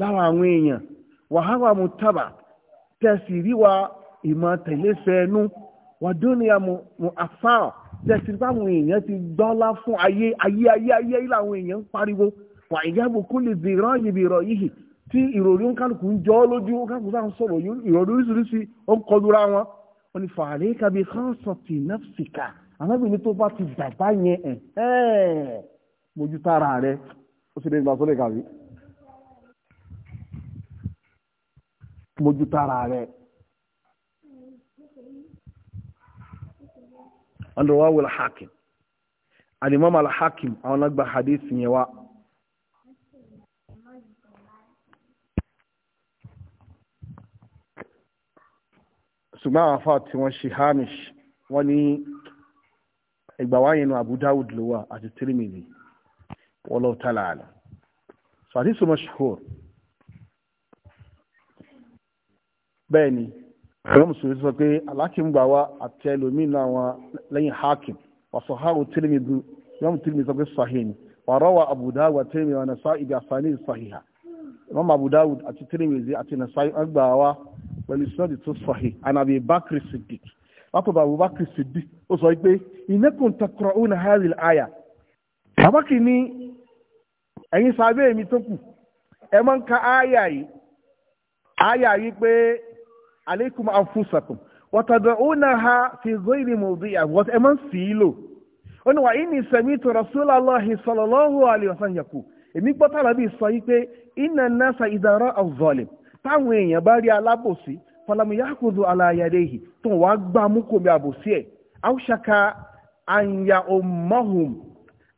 lára àwọn èèyàn wàhálà mutaba tẹ̀sí ríwa ìmọ̀ tẹ̀lé fẹ́ẹ́nú wàdúnìyà mu àfáà tẹ̀sí báwọn èèyàn ti gbọ́lá fún ayé ayé ayé ayé làwọn èèyàn ń pariwo wà ìjábò kó lè dè rán ibi ìrọ̀ yìí tí ìròrí ń kálukú ń jọ́ lójú ó kálukú sáà ń sọ̀rọ̀ ìròrí oríṣiríṣi ó ń kọlura wọn wọn ni fàárẹ̀ kábi kánsọ̀tì nafsika alábìnrin tó bá ti dàgbà yẹn ẹ̀ ẹ́ mojú tára rẹ ó sì lè gbà sólè kàwé mojú tára rẹ. wọ́n lọ wá wọlé hakim alimami alhakim àwọn náà gba hadith yẹn wá. ṣùgbọ́n àwọn afa tí wọ́n ṣe hamish wọ́n ní ìgbà wáyé nu Abu Dawud ló wà àti Tirmidhi wallahu ta'ala alam hadithu mashhur bẹ́ẹ̀ ni àwọn mùsùlùmí sọ pé alákìm gbà wá àti ẹlòmíín náà wọn lẹ́yìn hakim wàsó haru Tirmidhi yọm Tirmidhi sọ pé sahih ni wàrọ́wà Abu Dawud wa Tirmidhi wọn nasá ibi àsánì sahiha imam Abu Dawud àti Tirmidhi àti nasá gbà wá pẹ̀lú ìsọ́dì tó sọ̀hìn ànàbì bákìrì sìdìk látọ̀dọ̀ àbúbákìrì sìdìk ó sọ pé ìnẹ́kùn tẹkọrọ òun náà hàrìl àyà bàbákì ní ẹ̀yin sábẹ́ mi tó kù ẹ máa ń ka àyà yìí àyà yìí pé aleikum anfusakum wàtàdọ̀ òun ha fi zóyìn mọ̀ bí àwọn ẹ máa ń sì í lò ó ní wà yìí ní sẹ́mi tó rasulullahi sallallahu alaihi wasallam yaqul èmi gbọ́tà làbí sọ yìí pé inna nasa idara az-zalim táwọn èèyàn bá rí alábòsí fọlámùyákùdù aláyàdé yìí tó wàá gbá mú kò bí àbòsí ẹ̀ àwùṣàkà àyà ọmọhùn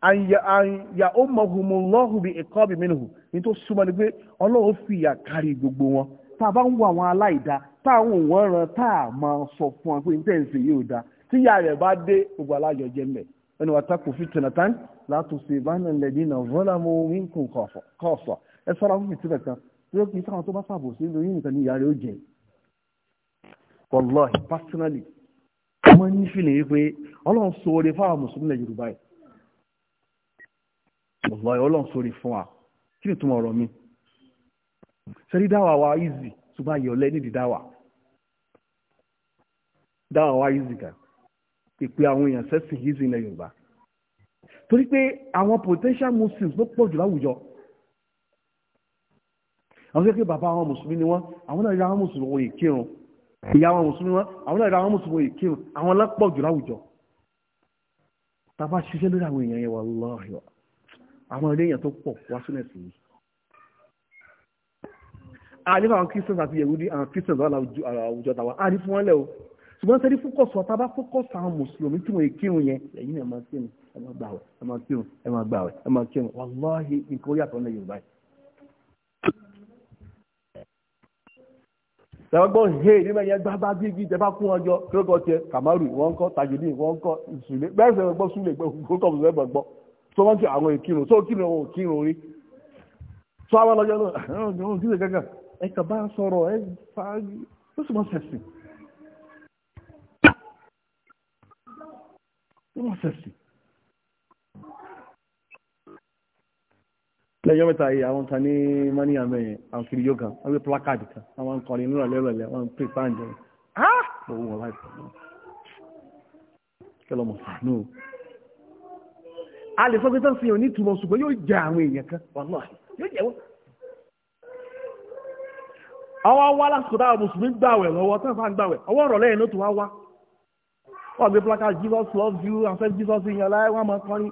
àyà ọmọhùn lọ́hùn bí ẹ̀kọ́ bí mìíràn ní tó súnmọ́ ni pé ọlọ́run fìyà kárí gbogbo wọn tá a bá ń wo àwọn aláìda tá àwọn òun ran tá a máa sọ fún wọn pé níta ẹ̀sìn yóò da tíyà rẹ̀ bá dé gbogbo alájọ jẹ́ mẹ́ ẹni wàá takò fi tẹ̀nàtàn látòsí ìbánilẹ̀dínà vọ́lámù mí kò kọ̀ ẹ sọ́ra fún fìtìlẹ̀ kan tó kí sáwọn tó bá sàbò sí lórí nìkan ní ìyá rẹ̀ ó jẹ́ wallahi personally ọmọ ní fìlẹ̀ yìí pé ọlọ́run sóore fáwọn mùsùlùmí lẹ̀ yorùbá ẹ̀ wallahi ọlọ́run sóore fún wa kí ni túmọ̀ ọ̀rọ̀ mi sẹ́rí dáwà wa easy tó bá yọ̀lẹ́ nídìí dáwà dáwà wa easy kan ìpè àwọn èèyàn sẹ́sìn easy ilẹ̀ yorùbá torí pé àwọn potential muslims ló pọ̀ jù láwùjọ àwọn kékeré bàbá àwọn mùsùlùmí ni wọ́n àwọn náà ra àwọn mùsùlùmí wọn ìkírun ìyá àwọn mùsùlùmí wọn àwọn náà ra àwọn mùsùlùmí wọn ìkírun àwọn lápọ̀ jù láwùjọ tàbá ṣiṣẹ́ lórí àwọn èèyàn yẹn wà lọ́ọ̀yọ̀ àwọn ilé èèyàn tó pọ̀ wá sílẹ̀ sí i àlefà àwọn christians àti yehudi àwọn christians wà láwùjọ tàwa àní fún wọn lẹ o ṣùgbọ́n sẹ́ni fókọ̀sù ọ̀tá bá fókọ̀sù àwọn mùsùlùmí tí wọ́n kírun yẹn ẹ̀yin ẹ̀ máa kírun ẹ̀ máa gbàwẹ̀ ẹ̀ máa kírun ẹ̀ máa gbàwẹ̀ ẹ̀ máa kírun wàláhì nǹkan ó yàtọ̀ ní yorùbá yìí lọ́gbọ́n he nígbà yẹn gbá bá bíbí tẹ bá kún ọjọ́ kílókọ tẹ kàmárù wọn kọ tajìdí wọn kọ ìsúlẹ bẹ́ẹ̀ sẹ gbọ súlẹ gbọ kókọ bùsùn bẹ gbọ tó wọn ti àwọn ìkírun tó kírun ò kírun rí tó àwọn ọlọjọ náà ọhún kí lè ẹ kà sọ̀rọ̀ ẹ fà á ó sì mọ sẹsìn lẹ́jọ́ mẹ́ta yìí àwọn kan ní mọ́ní àmẹ́yìn àwọn kiri yóò kan wọ́n gbé placard kan àwọn kọrin ní ọ̀lẹ́ ọ̀lẹ́ wọ́n pè sáǹjẹ́ ah owó wọn láì sọ̀rọ̀ kí lọ́mọ sànú. a lè sọ pé sọ́sìn yìí túmọ̀ ṣùgbọ́n yóò jẹ àwọn èèyàn kan wàláhì yóò jẹ wọ́n. àwọn awa lásìkò táwọn mùsùlùmí gbàwẹ̀ lọ́wọ́ tán fà ń gbàwẹ̀ ọwọ́ ọ̀rọ̀ lẹ́yìn ló wá wá wọ́n gbé placard Jesus loves you and said Jesus in your life wọ́n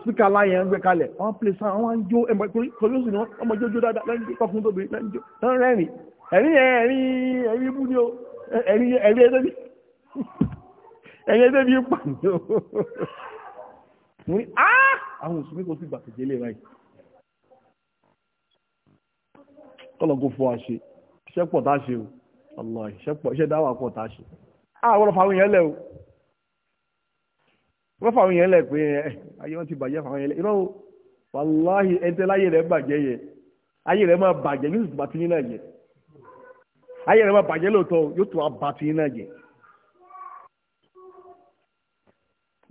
spika láyé ń gbé kalẹ̀ wọ́n play sound wọ́n ń jó ẹ̀mọ́ torí oṣù ni wọ́n ọmọ jójó dáadáa lẹ́yìn tó fún tóbi lẹ́yìn jó lọ́n rẹ́rìn ẹ̀rín yẹn ẹ̀rín ẹ̀rín ibú ni o ẹ̀rín ẹ̀rín ẹ̀dẹ́bí ẹ̀rín ẹ̀dẹ́bí pa ni o. [LAUGHS] mo ní á ah! àwọn oṣù mi kò sí gbàtẹ̀jẹ̀ lè ráyè. kọ́lọ̀ kò fọ àṣe iṣẹ́ pọ̀ tá a ṣe o ọlọ́ iṣẹ́ pọ̀ dáwà pọ̀ tá a ṣe wọ́n fàwọn yẹn lẹ̀ pé ẹ eh, ayé wọn ti bàjẹ́ fàwọn yẹn lẹ̀ irọ́ wàláhì ẹ̀ńtẹ́ láyé rẹ̀ bàjẹ́ yẹ ayé rẹ̀ máa bàjẹ́ yóò tún bá ti yín náà jẹ ayé rẹ̀ máa bàjẹ́ lóòótọ́ yóò tún bá ti yín náà jẹ.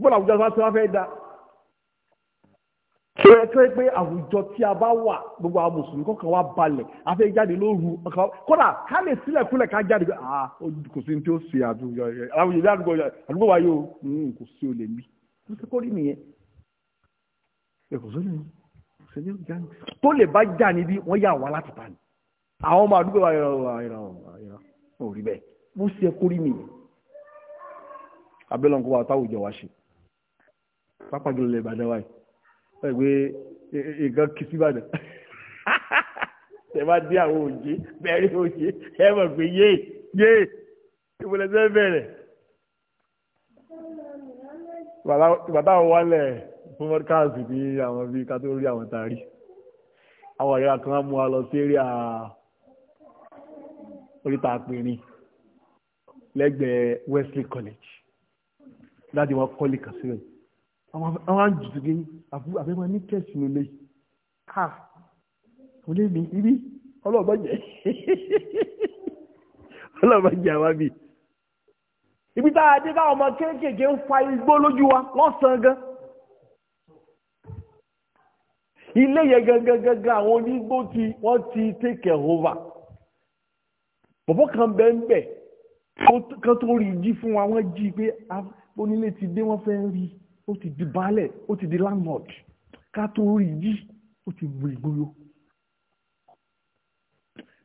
bọ́lá àwùjọ tí wọ́n fẹ́ da kí ẹ kẹ́ pé àwùjọ tí a bá wà gbogbo àwọn mùsùlùmí kọ́kàn wá balẹ̀ a fẹ́ jáde lóru kódà ká lè sílẹ̀ kúlẹ̀ ká jáde ah, kò sí ní tí ó ṣe àdúgbò àdúgbò wa yóò hmm, kò sí olè mi ó sì kórìí nìyẹn ẹ̀kọ́sọ́ nìyẹn sẹ́yìn gang tó lè bá jà níbi a yà wá láti ta ni àwọn ọmọ àdúgbò wa ìrànwọ́ ò rí bẹ́ẹ̀ bó ṣe kórìí nìyẹn abẹ́lẹ̀ nǹkan wa táwùjọ wa ṣe pápá jùlọ lè bàdàn wáyé ẹgbẹ́ ìgán kì sí bàdàn tẹ̀bá [LAUGHS] dé àwọn òjé bẹ̀rẹ̀ òjé ẹ̀mọ̀ pé yé yé ìbùdó tẹ́ bẹ̀rẹ̀ bàbá àwọn wálẹ̀ fún mọ́díkàsì bí àwọn bíi ká tó rí àwọn tarí àwọn ọ̀rẹ́ kan mú wa lọ sí eré oríta àpèrìn lẹ́gbẹ̀ẹ́ Wesley College láti wọn kọ́lé kan síbẹ̀ àwọn àjùtùgé àbẹ́mọ ní kẹ́sì nílé ká olè mi ibi ọlọ́ọ̀bá jẹ́ [LAUGHS] ọlọ́ọ̀bá jẹ́ àwọn bíi ibi tá a dé táwọn ọmọ kéékèèké ń fa igbó lójú wa lọ́sàn-án gan ilé yẹn gangan gangan àwọn onígbó ti wọ́n ti take over bọ̀bọ̀ kan bẹ́ẹ̀ ń bẹ̀ kan tó rí jí fún wa wọ́n jí pé onílé ti dé wọ́n fẹ́ rí ó ti di baálẹ̀ ó ti di landlord ká tó rí jí ó ti wù ìgbóyò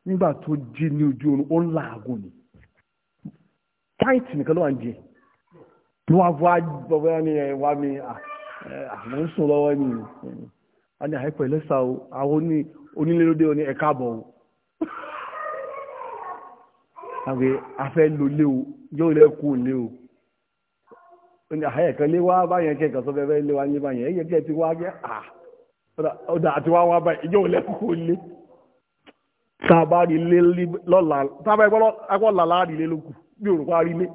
nígbà tó jí ní ojú oorun ó ń làágùn ni bite nìkan ló wà ń jẹ ló wá wá bọ́bọ́ ní ẹ̀wà mi àmọ́ ń sùn lọ́wọ́ ni a ní àìpẹ́ lẹ́sà àwọn onílélódé oní ẹ̀ka àbọ̀ o afẹ́ ló lé o yóò lẹ́ kú lé o àyẹ̀kẹ́ lé wá báyẹn kẹ́kẹ́ sọ fẹ́fẹ́ lé wá ní báyẹn ẹ̀yẹ kẹ́ ti wá kẹ́ àti wá wá báyẹn yóò lẹ́ kú lé o tàbá rí lé lọ́la tàbá ẹgbọ́ làlá rí lé lókù bí òrùn pa rí lé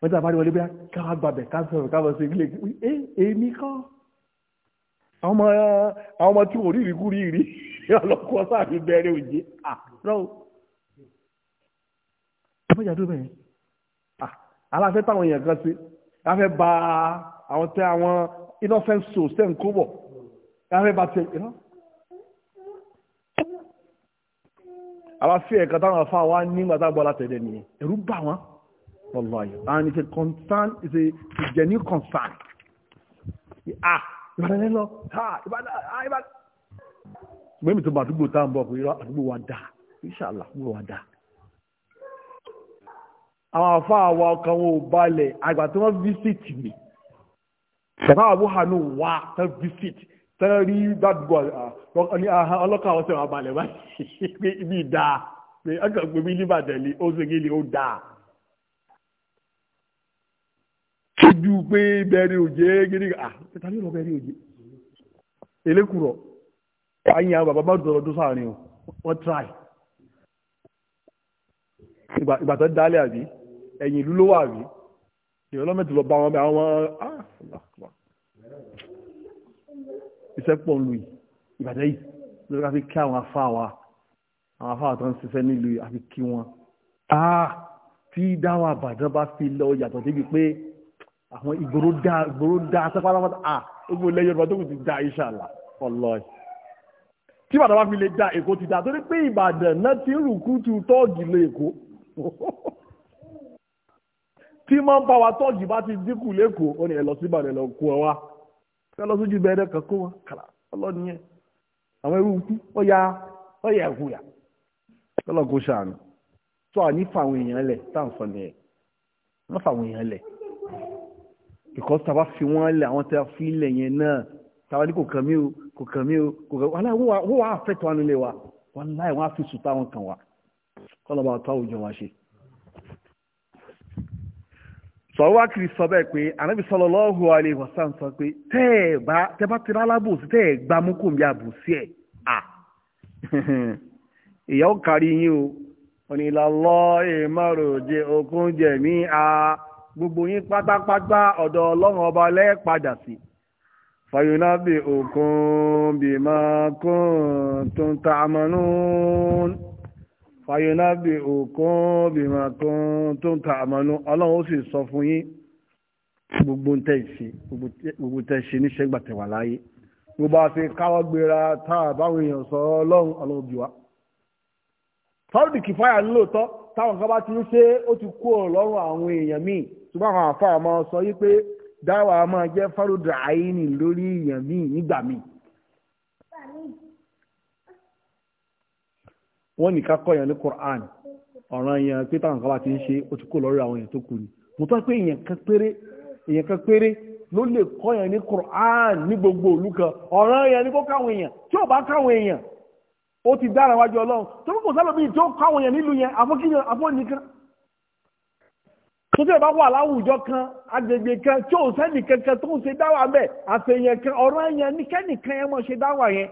wọ́n tàbá rí wọlé bí káwá gbàbẹ̀ ká sọ̀rọ̀ ká bọ̀ sí ilé ẹ èmi kọ́ àwọn ọmọ tí wọ́n rí rí kú rí rí ọlọ́kọ́ sáré bẹ̀rẹ̀ òjé àrọ́ ọmọjà tó bẹ̀rẹ̀ aláfẹ́ táwọn èèyàn kan sí láfẹ́ ba àwọn tẹ àwọn innocent souls tẹ̀ ń kó bọ̀ láfẹ́ ba tẹ̀ ìrọ́ àwọn fi ẹ̀ka táwọn afá wa nígbà tá a gbọ́ látẹ̀lẹ̀ bà wọ́n wallahi and it's a concern it's a, genuine concern ah ìbàdàn ha ah, ìbàdàn ah ìbàdàn. ṣùgbọ́n èmi tó bá àdúgbò tá à inshallah àdúgbò wa dáa. àwọn afá wa kan wọn ò balẹ̀ àgbà tí wọ́n visit me. bàbá àbúhà náà wà tán visit tẹ́lẹ̀ rí bad boy ah, ní ọlọ́kà ọ̀sẹ̀ wà balẹ̀ báyìí [LAUGHS] pé ibi dáa pé ọkàn pé bí níbàdàn ó ṣe ó dáa. ojú pé bẹ́ẹ̀rẹ̀ òjé gírí ah tẹ́tà ló lọ bẹ́ẹ̀rẹ̀ òjé elékùrọ̀ bàbá bá dọ̀rọ̀ o wọ́n try ìgbà tó dálé àbí ẹ̀yìn ìlú ló wà àbí ìṣẹ́pọ̀ lu ìbàdàn yìí lórí káfí kí àwọn afá wa àwọn afá tó ń ṣiṣẹ́ nílùú àfi kí wọn. tí dáwà àbàdàn bá fi lọ yàtọ̀ débi pé àwọn ìgboro dá ìgboro dá sápálápátá à gbogbo ilẹ̀ Yorùbá tó kù ti dá ìṣàlà ọlọ́ọ̀ tí bàtà bá fi lè dá Èkó ti dá torí pé Ìbàdàn náà ti rùkútù tọ́ọ̀gì lé Èkó [LAUGHS] tí máa ń bá wa tọ́ọ̀gì bá ti dínkù lÉkòó ó ní ẹ lọ sí Ìbàdàn lọ kú ọ wá fẹ́ lọ sójú bẹ̀rẹ̀ kala. kó wọn kàlà ọlọ́ni yẹn àwọn ẹrú kú ọ̀yà ọ̀yà ẹ̀hùyà lọ́lọ́ kó ṣàánú tó à ní fàwọn èèyàn lẹ̀ tá à ń sọ nìyẹn wọ́n fàwọn èèyàn lẹ̀ ìkọ́ sábà fi wọ́n lẹ̀ àwọn tẹ́ fi lẹ̀ yẹn náà táwa ní kò kàn mí o kò kàn mí o kò kàn wọ́n wá wọ́n wá àfẹ́tọ̀ wọn lé wa wọ́n láì wọ́n á fi sùn táwọn kàn wá kọ́ sọ̀rọ̀wákiri sọ bẹ́ẹ̀ pé anábì sallallahu alaihi wasallam sọ pé tẹ́ bá tẹ́lá alábòsí tẹ́ ẹ̀ gbá mú kò ń bí àbòsí ẹ̀ à [LAUGHS] ìyá ó kárí yín o onílàlọ́ ìmọ̀ròjẹ okun jẹ̀mí a gbogbo yín pátápátá ọ̀dọ̀ ọlọ́run ọba lẹ́ẹ̀padà sí fayunabi okun bima kuntum ta'manun fàyọnábì òkun bìmọ̀ kan tó ń ta àmọ́nú ọlọ́run ó sì sọ fún yín gbogbo tẹ̀sí gbogbo tẹ̀sí níṣẹ́ gbàtẹ̀wà láyé gbogbo àti káwọ́ gbéra tá a báwọn èèyàn sọ ọlọ́run ọlọ́run bì wá. tọ́lùdì kìfáyà ńlòótọ́ táwọn kan bá ti ń ṣe ó ti kú ọlọ́run àwọn èèyàn míì ṣùgbọ́n àwọn àfa àmọ́ sọ yí pé dáwà máa jẹ́ fárúdà àyínì lórí èèyàn míì nígbà míì wọ́n ní ká kọ́yàn ní Qur'an ọ̀ràn èèyàn pé táwọn kan bá ti ń ṣe ó ti kó lọ́rọ̀ àwọn èèyàn tó kù ni mo tọ́ pé èèyàn kan péré ló lè kọ́yàn ní Qur'an ní gbogbo òlú kan ọ̀ràn èèyàn ní kó káwọn èèyàn tí ò bá káwọn èèyàn ó ti dára wájú Ọlọ́run tó kò sálòmíì tó káwọn èèyàn nílùú yẹn àfọ́kíyàn àfọ́nìkan tó tẹ́ bá wà láwùjọ kan agbègbè kan tí ò sẹ́nì kankan tó ń ṣe dáwà bẹ́ẹ̀ àfẹ̀yẹ̀ kan ọ̀rọ̀ yẹn ní kẹ́nìkan yẹn mọ̀ ṣe dáwà yẹn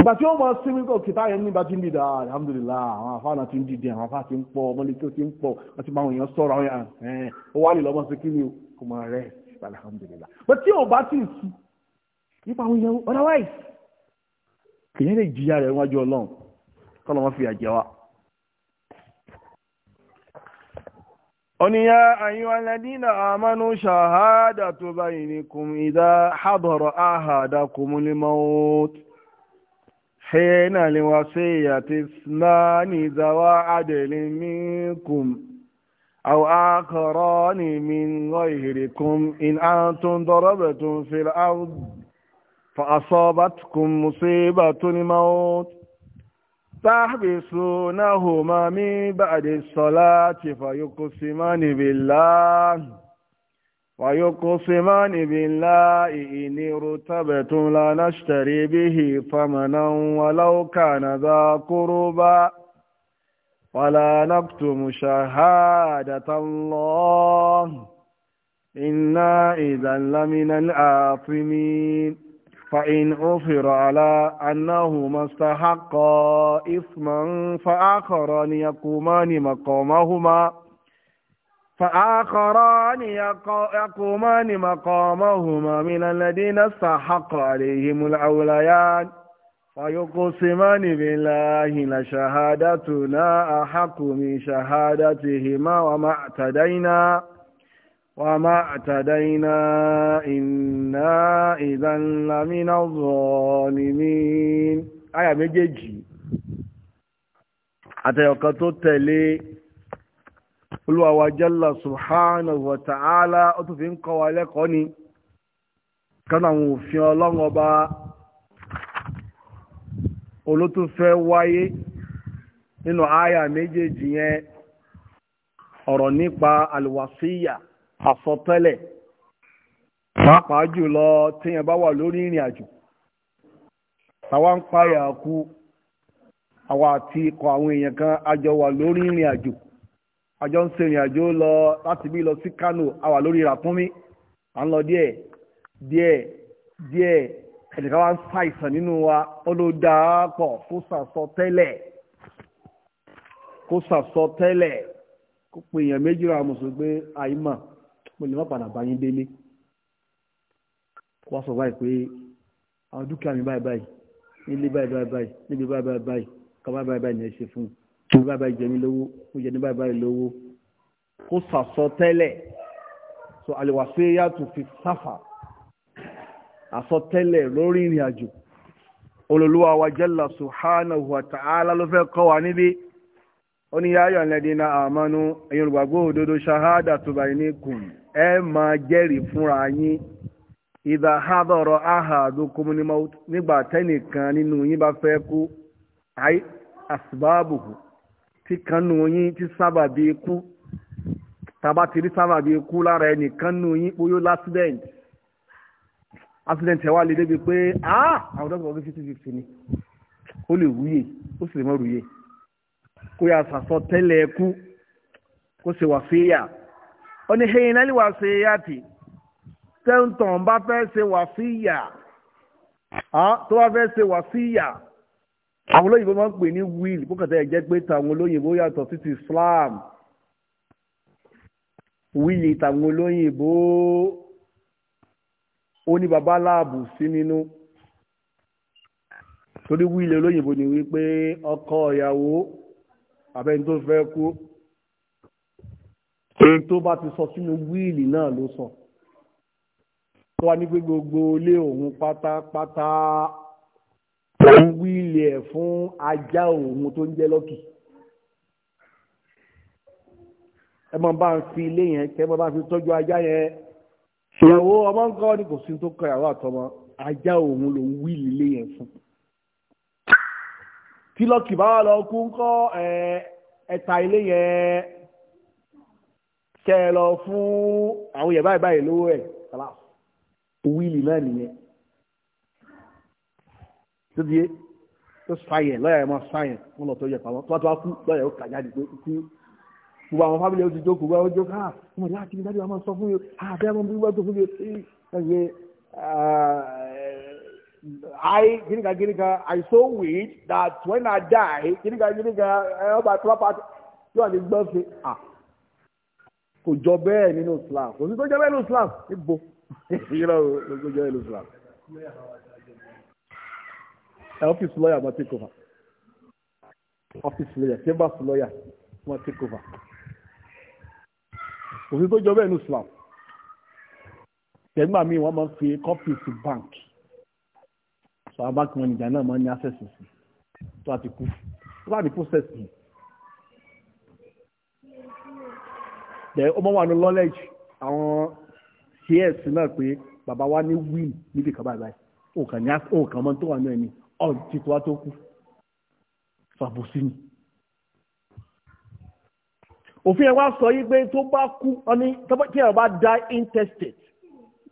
ìgbà tí ó mọ̀ sí wípé òkìtá yẹn nígbà tí ń dìdà ah, alhamdulillah àwọn afáàna ti ń dìde àwọn afáà ti ń pọ̀ ọmọlé tó ti ń pọ̀ wọ́n ti máa wọ̀nyàn sọ̀rọ̀ àwọn yàn ẹ̀ẹ́n eh, ó wá lè lọ́mọ sí kí ni kò mọ̀ rẹ̀ alhamdulillah bó tí ò bá ti sí nípa àwọn èèyàn otherwise kìyẹn lè jìyà rẹ̀ wájú ọlọ́run kọ́lọ́ wọn fi àjẹ wa. oníyà ayyuhalladhina amanu shahadatu bainikum idha hadara ahadakumul maut حين الوصية اثنان ذوى عدل منكم أو آخران من غيركم إن أنتم ضربتم في الأرض فأصابتكم مصيبة الموت تحبسونهما من بعد الصلاة فيقسمان بالله ويقسمان بالله إن ارتبتم لا نشتري به ثمنا ولو كان ذا قربا ولا نكتم شهادة الله إنا إذا لمن الآثمين فإن عثر على أنهما استحقا إثما فآخران يقومان مقامهما فآخران يقومان مقامهما من الذين استحق عليهم الأوليان فيقسمان بالله لشهادتنا أحق من شهادتهما وما اعتدينا وما اعتدينا إنا إذا لمن الظالمين آية méjèèjì àtẹ̀yọ̀kan tó tẹ̀lé olúwa wa jalla subhanahu wa ta'ala ó tún fi ń kọ́ wa ni kánà àwọn òfin ọlọ́run ọba olótúfẹ́ wáyé nínú àyà méjèèjì yẹn ọ̀rọ̀ nípa àlùwàsíyà àsọtẹ́lẹ̀ pàápàá jùlọ téèyàn bá wà lórí ìrìn àjò ń kan wà lórí àjọ ń ṣe ìrìn àjò lọ láti bí lọ sí Kánò àwà lórí ràkúnmí à ń lọ díẹ̀ díẹ̀ díẹ̀ ẹnìkan wá ń ṣàìsàn nínú wa ó ló dáa pọ̀ kó sàsọ tẹ́lẹ̀ kó sàsọ tẹ́lẹ̀ kó pe èèyàn méjì ra mùsùlùmí pé àìmọ̀ mo lè má padà bá yín délé wá sọ báyìí pé àwọn dúkìá mi báyìí báyìí nílé báyìí báyìí báyìí níbi báyìí báyìí báyìí kọ́ báyìí báyìí báyìí ẹ ṣe fún un kí bàbá jẹ mí lówó kó jẹ ní bàbá lówó kó sàsọ tẹ́lẹ̀ so àlèwàsí yàtò fi sáfà àsọtẹ́lẹ̀ lórí ìrìn àjò olùlúwa wa jalla subhanahu wa ta'ala ló fẹ́ kọ́ wa níbi ó ní yáyọ̀ lẹ́dínà àmánú ẹ̀yin olùgbàgbọ́ òdodo ṣahádà tó bá ní kùn ẹ máa jẹ́rìí fúnra yín ìdá hádọ̀rọ̀ ahàdó kọmúnímọ́ nígbà tẹ́nìkan nínú yín bá fẹ́ kú àì àsìbáàbùkù tí kanú yín tí sábàbí ikú tàbá ti rí sábàbí ikú lára ẹnì kanú yín bóyá lásìdẹ̀ǹtì accident ẹ̀ wá lè débi pé ah àwọn dọ́kítà ọdún fifty fifty ni ó lè wúyè ó sì lè mọ́ rúyè kó yà sàsọ tẹ́lẹ̀ ẹkú kó ṣe wà fíyà ó ní hẹ́yìn náà lè wà ṣe yá tì tẹ́ǹtàn bá fẹ́ ṣe wà fíyà tó bá fẹ́ ṣe wà fíyà àwọn olóyìnbó máa ń pè ní will bókàtà ẹ̀jẹ̀ pé tàwọn olóyìnbó yàtọ̀ sí ti Islam will tàwọn olóyìnbó ó ní baba láàbù sí nínú torí will olóyìnbó ni wípé ọkọ ìyàwó abẹ́ni tó fẹ́ kú èyí tó bá ti sọ sínú wíìlì náà ló sọ tó wá ní pé gbogbo ilé òun pátápátá òun wílì ẹ̀ fún ajá òun tó ń jẹ́ lọ́kì ẹ máa bá ń fi ilé yẹn kẹ́ ẹ máa bá ń fi tọ́jú ajá yẹn ìyàwó ọmọ ń kọ́ ni kò sí tó kọ ìyàwó àtọmọ ajá òun ló ń wílì ilé yẹn fún tí lọ́kì bá wà lọ kú ń kọ́ ẹ̀ta ilé yẹn kẹ́ ẹ lọ fún àwọn yẹn báyìí báyìí lówó ẹ̀ wílì náà nìyẹn tó di yé tó sáyẹn lọ́yà ẹ̀ máa sáyẹn wọn lọ tó yẹ pamọ́ tó bá tó bá kú lọ́yà ó kàjá di pé kú gbogbo àwọn fábílì ó ti jókòó gbogbo àwọn jókòó ah ọmọ ìyá àti ìdájọ́ máa sọ fún mi ah bẹ́ẹ̀ mo bí wọ́n tó fún mi ṣe ah, I ginika ginika I so wish that when I die ginika ginika ọba property yóò àti gbọ́ sí ah kò jọ bẹ́ẹ̀ nínú Islam kò sí tó jọ bẹ́ẹ̀ nínú Islam níbo ìyẹn [LAUGHS] lọ kò jọ bẹ́ẹ̀ nínú Islam ọ́fíìsì lọ́yà máa take over ọ́fíìsì lọ́yà chambers lọ́yà máa take over òfin tó jọ bẹ́ẹ̀ ní Islam tẹ̀gbà míì wọ́n máa ń fi kọ́fíìsì bank sọ abáàkì wọn nìjà náà máa ń ní access sí tó a ti kú tó bá ní process yìí tẹ ọmọ wa ní knowledge àwọn cs náà pé bàbá wa ní win níbi kan báyìí òkàn ní òkàn mọ́ tó wà náà ni ọ̀n títí wá tó kú fàbùsí ni òfin ẹ̀ wá sọ yí pé tó bá kú ọní tí ẹ̀ bá die intestate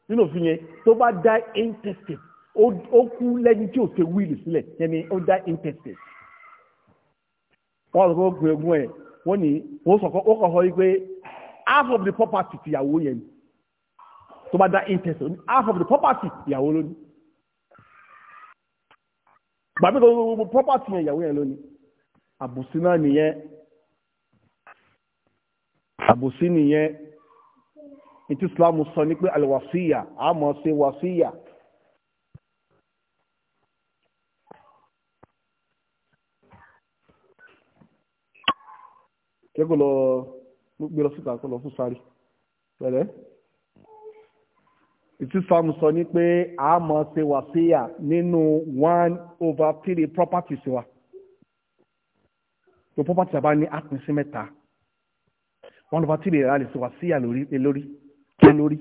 nínú òfin yẹn tó bá die intestate ó kú lẹ́ni tí ò ṣe wíìlì sílẹ̀ yẹni ó die intestate wọ́n sọ pé ó gun egun ẹ̀ wọ́n ní wọ́n sọ ó kọ̀ sọ yí pé half of the property tìyàwó yẹn tó bá die intestate half of the property tìyàwó lónìí gbàgbé tó gbogbo property yẹn ìyàwó yẹn lónìí àbòsí náà nìyẹn àbòsí nìyẹn ètí Islam sọ ní pé àlùwàsíyà àmọ́ ṣe wàsíyà. kí ló gbé lọ síta kó lọ fún ìtúsọmù sọ ní pé a máa ṣe wàsíyà nínú one over three properties wa tó property àbá ní àpín sí mẹ́ta one over three rẹ̀ a lè ṣe wàsíyà lórí lórí lórí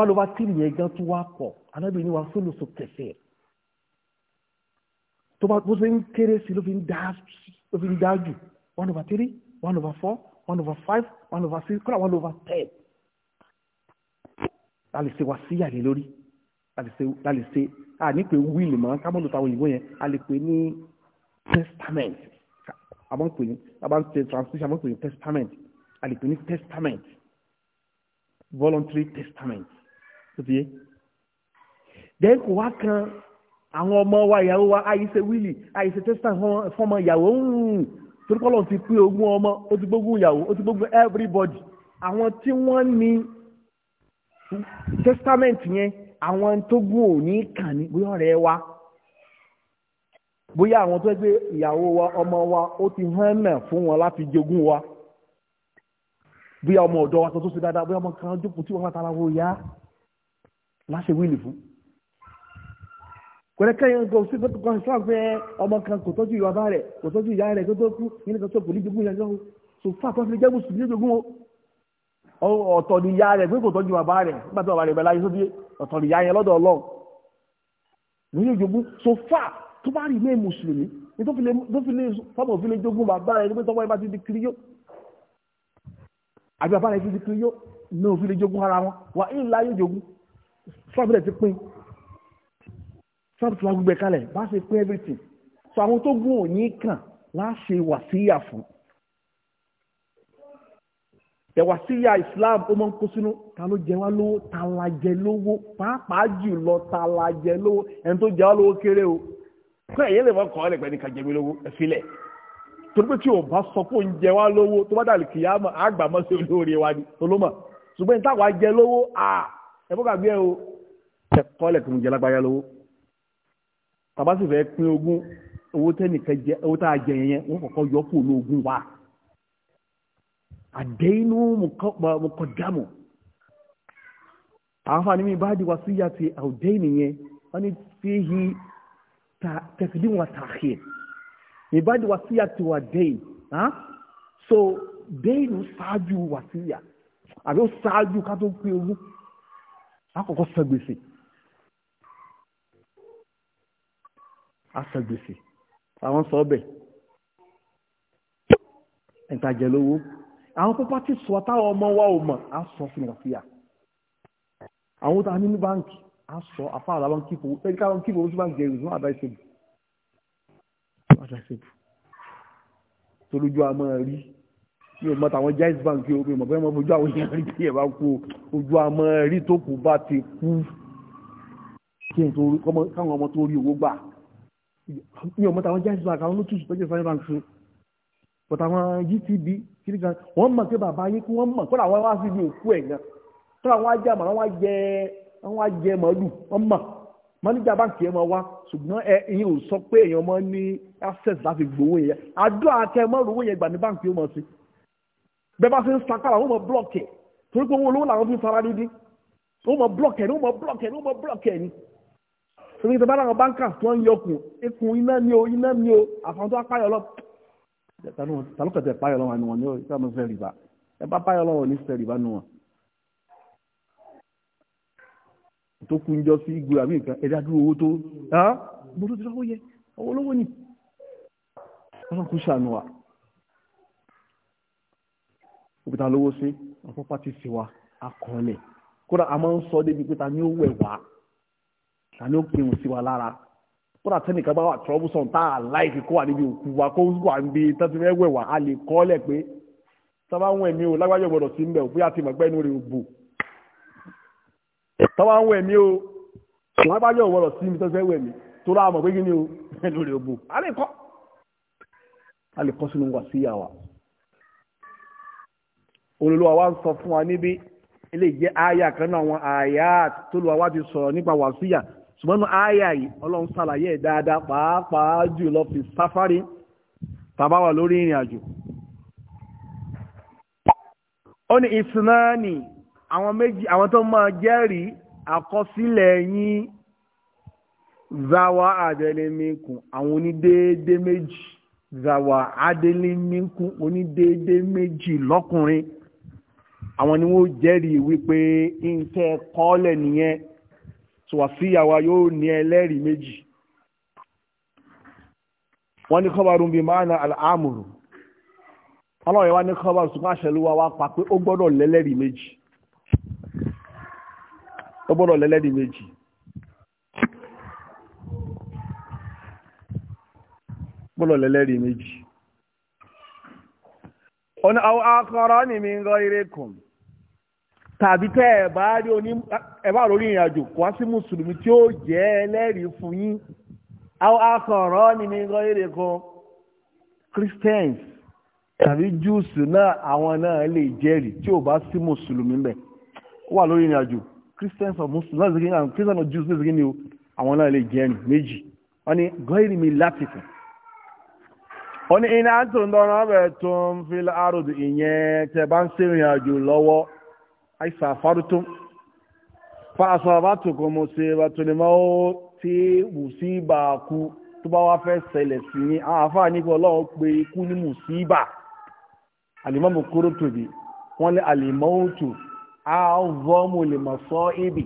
one over three yẹn gan tún wá pọ̀ anábìíní wa sólùsọ kẹsẹ̀ tó bá bó ṣe ń kéré sí ló fi ń dá ló fi ń dá jù one over three one over four one over five one over six kọ́ra one over ten a lè ṣe wá sí àyè lórí a lè ṣe a a ní pé wíìlì mọ́ kámọ́lù táwọn òyìnbó yẹn a lè pè ní testament a máa ń pè ní a máa ń ṣe translation a máa ní testament a lè pè ní testament voluntary testament tó ti yé then kò wá kan àwọn ọmọ wa ìyàwó wa àyíṣe wíìlì àyíṣe testament fọmọ ìyàwó ń torí kọ́lọ̀ ti pín ogún ọmọ ó ti gbógun ìyàwó ó ti gbógun everybody àwọn tí wọ́n ní testament yẹn àwọn tó gùn ò ní kàn ní bóyá ọ̀rẹ́ wa bóyá àwọn tó gbé ìyàwó wa ọmọ wa ó ti hàn náà fún wọn láti jogún wa bóyá ọmọ ọ̀dọ́ wa tó tó ṣe dáadáa bóyá ọmọ kan jókòó tí wọ́n tara wo yá láṣẹ wíìlì fún kọ̀rẹ́kẹ́ yẹn kò sí pẹ́tù kan ṣáà pé ọmọ kan kò tọ́jú ìwà bá rẹ̀ kò tọ́jú ìyá rẹ̀ tó tó kú nínú kan tó kò ní jogún yẹn lọ́wọ́ so fún àtọ́fẹ́ jẹ́ mùsùlùmí jogún o ọ̀tọ̀ ni ìyá rẹ̀ pé kò tọ́jú bàbá rẹ̀ nígbà tí bàbá rẹ̀ bẹ̀rẹ̀ láyé sóbi ọ̀tọ̀ ni ìyá yẹn lọ́dọ̀ ọlọ́run nínú ìjogún so far tó bá rí ilé mùsùlùmí ní tó fi lé fọ́mọ̀ fi lé jogún bàbá rẹ̀ ní pé tọ́wọ́ ẹ bá ti di kiri yó àbí bàbá rẹ̀ ti di kiri yó ní òfin lè jogún ara wọn wà ní ìlà yóò jogún sọ́ọ̀bù rẹ̀ ti pín sọ́ọ̀bù tí wọ́n gbé kalẹ̀ bá ṣe pín everything so àwọn tó gún òní kàn láṣẹ wàsíyà fún tẹ̀wàsíyà islam ó máa ń kó sínú ta ló jẹ wá lówó ta la jẹ lówó pàápàá jù lọ ta la jẹ lówó ẹni tó jẹ wá lówó kéré o kó ẹ̀yẹ́ lè fọ́ kọ́ ọ́ lè pẹ́ ní ká jẹ mí lówó ẹ filẹ̀ torí pé tí o bá sọ pé oúnjẹ wa lówó tó bá dàlù kìyà mọ àgbà mọ sí olóore wa ni olómọ ṣùgbọ́n níta wàá jẹ lówó à ẹ fọ́n gbàgbé ẹ o ẹ kọ́ lẹ̀kùn jẹ lágbáyà lówó tàbá sì fẹ́ pín ogún owó tẹ́nìkan jẹ owó tá a jẹ yẹn wọ́n kọ́kọ́ yọ fún olóògùn wa àdéhínú mọ̀kọ̀dámù àǹfààní mi bá di wàsíyà ti àwòdéhìn yẹn wọ́n ní fíhí tẹ̀sídìí wọn tààkì mi bá di wàsíyà ti wà déhìn so déhìnú ṣáájú wàsíyà àbí ó ṣáájú ká tó pín owó àkọ́kọ́ sọ gbèsè asọ̀gbèsè àwọn sọ ọbẹ̀ ẹ̀ntàjẹ̀ lówó àwọn properties wa táwọn ọmọ wa ò mọ̀ á sọ fún wa síyà àwọn tó a ní ní báńkì á sọ afárá làwọn kíkó ẹni káwọn kíkó oṣù báńkì jẹ ìrìnnà àdáṣebù àdáṣebù tó lójú a máa rí mi ò mọ tàwọn Jaiz Bank o mi ò mọ bẹ́ẹ̀ mọ fojú àwọn èèyàn rí bí ẹ̀ bá kú ojú a máa rí tó kù bá ti kú kí n tó káwọn ọmọ tó rí owó gbà mi ò mọ tàwọn Jaiz Bank àwọn ló tún kiri gan wọ́n mọ̀ pé bàbá yín kí wọ́n mọ̀ kó làwọn wá sí ibi òkú ẹ̀ gan kó làwọn á jẹ́ àmọ́ wọ́n á jẹ wọ́n á jẹ màálù wọ́n mọ̀ mọ́níjà báńkì ẹ̀ máa wá ṣùgbọ́n ẹ ìyẹn ò sọ pé èèyàn máa ní access láti gbowó yẹn àdó àti ẹ máa rówó yẹn gbà ní báńkì ó mọ̀ sí bẹ́ẹ̀ bá ṣe ń sakà làwọn mọ̀ blọ́ọ̀kì torí pé owó olówó làwọn fi fara dídí wọ́n mọ̀ blọ́ọ̀kì ẹ̀ ni wọ́n mọ̀ blọ́ọ̀kì ẹ̀ ni wọ́n mọ̀ blọ́ọ̀kì ẹ̀ ni torí pé bá làwọn báńkà tó ń yọkùn ikùn iná ni o iná ni o àfọ̀ntó apáyọ̀ tàlùkọ̀tẹ̀ páyọ̀ lọ́wọ́ àánú wọn ní ọ̀rẹ́ sábà fẹ́ rìbá ẹ bá páyọ̀ lọ́wọ́ ní fẹ́ rìbá nù wọn. tó kú ń jọ sí igbó àbí nǹkan ẹ̀dá dúró owó tó bó tó ti lọ́wọ́ yẹ owó lówó ni wọ́n kú sànù wa òkúta lówó sí àpọ́pá ti sì wa akọọlẹ̀ kódà a máa ń sọ débi pé ta ni ó wẹ̀ wá ta ni ó pinnu sí wa lára kódà tẹ́nìkan bá wà troublesome tá a láìkí kó wà níbi òkú wa kó a lè kọ́ lẹ̀ pé tọ́ba ń wẹ̀ mí o lágbájọ́ gbọ́dọ̀ sí mbẹ̀ òfin àti ìmọ̀gbẹ́ inú rẹ̀ ò o sí mi o [LAUGHS] inú rẹ̀ ò bò a lè kọ́ a lè kọ́ sínú wa ṣùgbọ́n ní àyà yìí ọlọ́run ṣàlàyé ẹ̀ dáadáa pàápàá jù lọ fi sáfárì tàbá wà lórí ìrìn àjò ó ní ìsinmi àwọn méjì àwọn tó máa jẹ́rìí àkọsílẹ̀ yín zawa adelimikun àwọn onídéédé méjì zawa adelimikun onídéédé méjì lọ́kùnrin àwọn ni wọ́n jẹ́rìí wípé nǹkẹ́ kọ́lẹ̀ nìyẹn so wàsíyà wa yóò ní ẹlẹ́rìí méjì wọ́n ní kọ́bàrún bíi máàna àmùrù ọlọ́run yẹn wá ní kọ́bàrún ṣùgbọ́n àṣẹlúwa wá pa pé ó gbọ́dọ̀ lẹ́lẹ́rìí méjì ó gbọ́dọ̀ lẹ́lẹ́rìí méjì. gbọ́dọ̀ lẹ́lẹ́rìí méjì. ọ̀nà àwọn akọ̀rọ̀ ni mi ń gọ́ ire tàbí tẹ́ ẹ̀ bá rí oní ẹ̀ bá rí ìrìn àjò kó wá sí mùsùlùmí tí ó jẹ́ ẹlẹ́rìí fún yín akọ̀rọ̀ ni mi gan èrè kan Christians tàbí Jews náà àwọn náà lè jẹ́rìí tí ò bá sí mùsùlùmí bẹ̀ ó wà lórí ìrìn Christians or Muslims náà zikini àwọn Christians or Jews náà zikini o àwọn náà lè jẹ́rìí méjì wọ́n ní gan èrè mi láti fún wọ́n ní iná tó ń dọ́nà ọ̀bẹ̀ tó ń fi àròdù ìyẹn tẹ́ bá ń ṣèrìn àjò lọ́wọ́ Aisa safartum fa asabatukum musibatul maut tí mùsíbà kú tó bá wá fẹ́ ṣẹlẹ̀ sí ní àáfàá nípa ọlọ́run pé ikú ní mùsíbà alimamu le wọ́n lé alimautu azọ́mù lè mọ̀ sọ ibi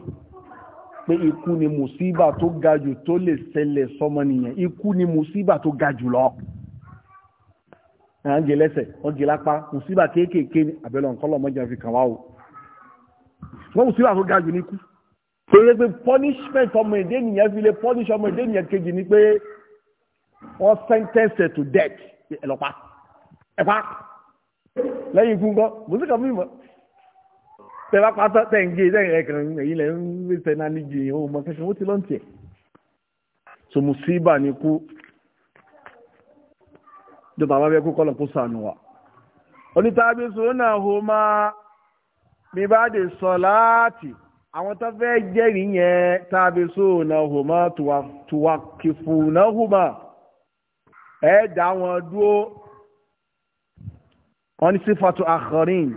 pé ikú ni mùsíbà tó ga jù tó lè ṣẹlẹ̀ sọmọnìyàn ikú ni mùsíbà tó ga jù lọ à ń gé lẹ́sẹ̀ wọ́n gé lápá mùsíbà kéékèèké ni àbẹ̀lọ̀ nǹkan lọ́mọdé fi kàn wá o wọ́n mú sílẹ̀ àfọ́gá jù ní kú péré pé punishment ọmọ èdè nìyẹn fi lè punish ọmọ èdè nìyẹn kejì ni pé wọ́n sentence to death ẹ̀lọ́pàá ẹ̀pá lẹ́yìn ikú ńkọ́ mùsùlùmí kan mímọ́ tẹ bá pátá tẹ ń gé tẹ ń ẹkàn ẹ̀yìn lẹ́ ń tẹ náà ní jìyàn ó mọ kẹsàn-án ó ti lọ́n tiẹ̀ so musiba ni kú dọ́tà bá bẹ́ẹ̀ kú kọ́lọ̀ kó sànù wa onítàbí sọ́nà hó máa mi bá dé sọláàtì àwọn tó fẹ́ jẹ́rìí yẹn tàbí sóònàhùmá tùwàkìfùnàhùmá ẹ dá wọn dúró wọ́n ní sífàtú àkọrin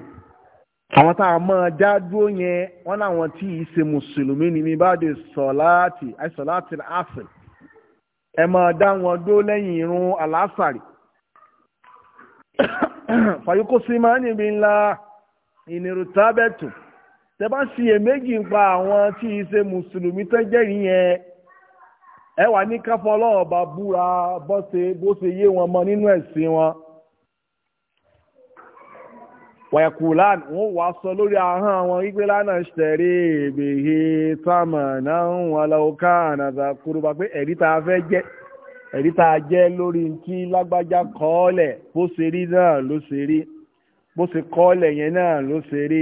àwọn tá a máa dá dúró yẹn wọ́n láwọn tí ì ṣe mùsùlùmí ni mi bá dé sọláàtì àìsọláàtì àfẹ ẹ máa dá wọn dúró lẹ́yìn irun àlásàrì [COUGHS] fàyíkó sí máa ń yìnbí ńlá. ìnirùtábẹ́tù tẹ bá ṣiyèméjì ń pa àwọn tí í ṣe mùsùlùmí tó jẹ́rìí yẹn ẹ wà ní káfọ́ ọba búra bó ṣe yé wọn mọ nínú ẹ̀sìn wọn wẹ̀kùlán wọ́n sọ lórí ahọ́n wọn wípé ṣẹ̀rí ìbèhè náà wọn ànàdà kúrúbà pé ẹ̀rí tá a fẹ́ jẹ́ ẹ̀rí tá a jẹ́ lórí bó ṣe kọ́ọ̀lẹ̀ yẹn náà ló ṣe rí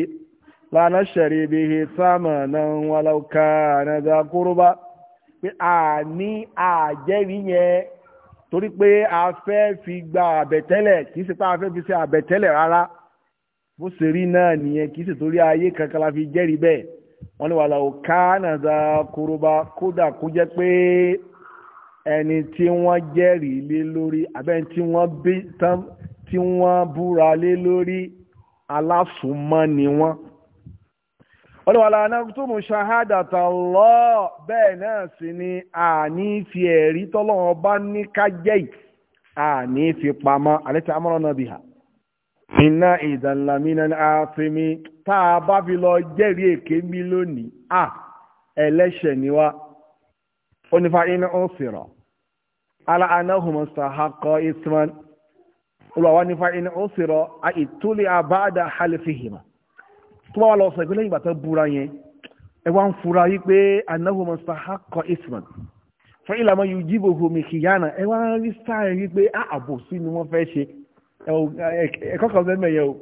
lánàá ṣẹ̀rí bí i sáàmà náà ànàdà kúrúbá pé torí pé a fẹ́ fi gba àbẹ̀tẹ́lẹ̀ kì í ṣe pé a fẹ́ fi ṣe àbẹ̀tẹ́lẹ̀ rárá bó ṣe rí náà nìyẹn kì í ṣe torí ayé kankan la fi jẹ́rí bẹ́ẹ̀ wọ́n ní wàhálà òkà ànàdà kúrúbá kódà kó jẹ́ pé ẹni tí wọ́n jẹ́rìí tí wọ́n búra lé lórí aláfúnmọ́ ni wọ́n ọlọ́wọ́lá náà tó mú ṣahádàtà lọ bẹ́ẹ̀ náà sì ni àní fi ẹ̀rí tọ́lọ́wọ́n bá ní kájẹ́ àní fi pamọ́ àlẹ́tí amọ́ràn náà iná ìdànlámínà àfimi tá a bá fi lọ jẹ́rìí èké mi lónìí à ẹlẹ́ṣẹ̀ ni wá ó ní fa iná ó sì rọ̀ ala anahumasa olùwàwá nífa iná ó sì rọ àìtólè àbáàdà halifihima tó bá wà lọ sọ ìpínlẹ̀ ìgbà tó búra yẹn ẹ wá ń fura yí pé anahu mustahaqqa isman fún ìlànà yìí jíbo homi kìyànà ẹ wá ń rí sáà yí pé ààbò ah, sí ni wọ́n fẹ́ ṣe ẹ̀kọ́ kan fẹ́ mẹ́yẹ o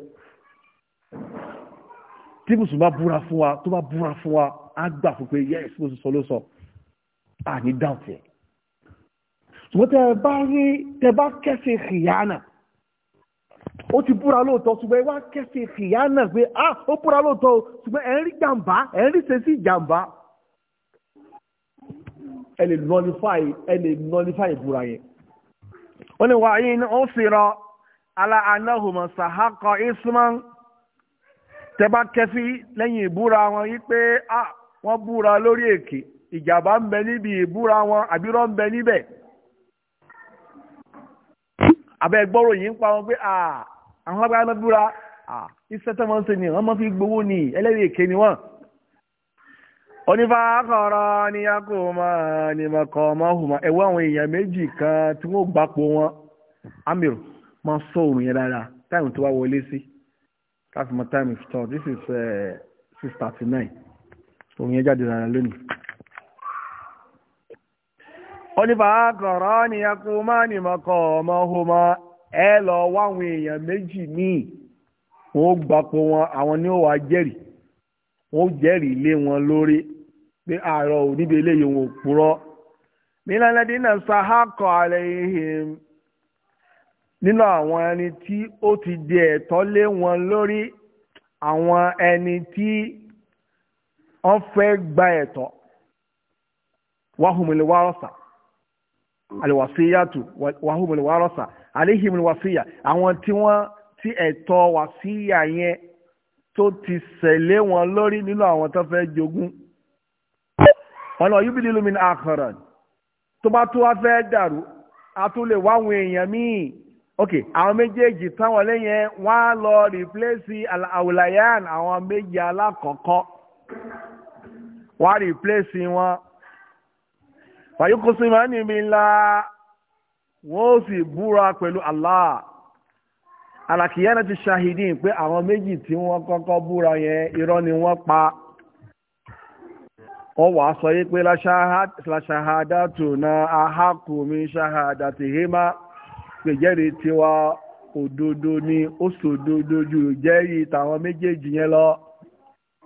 tí mùsùlùmí bá búra fún wa tó bá búra fún wa á gbà fún pé yẹ́s mo sọ ló à ní dáùtì ẹ̀ ṣùgbọ́n tẹ́ bá rí tẹ́ bá kẹ́sì kìyànà ó ti búra lóòótọ́ ṣùgbọ́n ẹ wá kẹ́sì náà pé ah ó búra lóòótọ́ o ṣùgbọ́n ẹ ń rí jàǹbá ẹ ń rí ṣèṣì jàǹbá. ẹ lè nọlifáì ẹ búra yẹn. ní ala anahuma sahakọ isman tẹ́bá kẹ́sì lẹ́yìn ìbúra wọn yí pé ah wọ́n búra lórí èké ìjàmbá ń bẹ níbi ìbúra wọn àbírọ́ ń bẹ níbẹ̀ àwọn lágbára lọ búra iṣẹ́ tó máa ń ṣe ni wọ́n máa fi gbowó ni ẹlẹ́rìí èké ni wọ́n. onífàákọ̀rọ̀ ni a kò mọ̀ ni mo kọ́ ẹ̀wọ́ àwọn èèyàn méjì kan tí wọ́n gbà po wọn amir máa sọ òrùn yẹn dáadáa táìmù tó bá wọlé sí káfí mọ táìmù ìfitọ́ this is eh, six thirty nine òrùn yẹn jáde dáadáa lónìí onífàákọ̀rọ̀ ni a kò mọ̀ ni mo kọ́ ẹ lọ wá àwọn èèyàn méjì míì wọn wọn àwọn ni ó wàá jẹ́rìí wọn ó jẹ́rìí lé wọn lórí pé àárọ̀ ò níbi eléyìí wọn ò purọ́ nílànàdí náà sàhákọ̀ ààrẹ ìhìn nínú àwọn ẹni tí ti di ẹ̀tọ́ lé wọn lórí àwọn ẹni tí wọ́n fẹ́ gba ẹ̀tọ́ wàhùnmùlẹ̀ wàrọ̀sà àlùwàsíyàtù wàhùnmùlẹ̀ alehim wasiya àwọn tí wọ́n tí ẹ̀tọ́ wasiya yẹn tó ti ṣẹlẹ̀ wọn lórí nínú àwọn tó fẹ́ jogún wọn lọ yúbi lílu min akharan tó bá tó wá fẹ́ dàrú a tún lè wá àwọn èèyàn míì ok àwọn méjèèjì táwọn lẹ́yìn wọn á lọ rìpléṣì àwòláyàn àwọn méjì alákọ̀ọ́kọ́ wọn á rìpléṣì wọn fàyókòsí mọ́ni mi la. wọ́n ó sì búra pẹ̀lú aláà alàkìyànà ti ṣàhìdín pé àwọn méjì tí wọ́n kọ́kọ́ búra yẹn irọ́ ni wọ́n pa wọ́n wàá sọ yí pé láṣáhádá tó na ahákùnmí ṣáhádá ti hémá pé tiwa òdodo ni ó sòdodo ju jẹ́rìí tàwọn méjèèjì yẹn lọ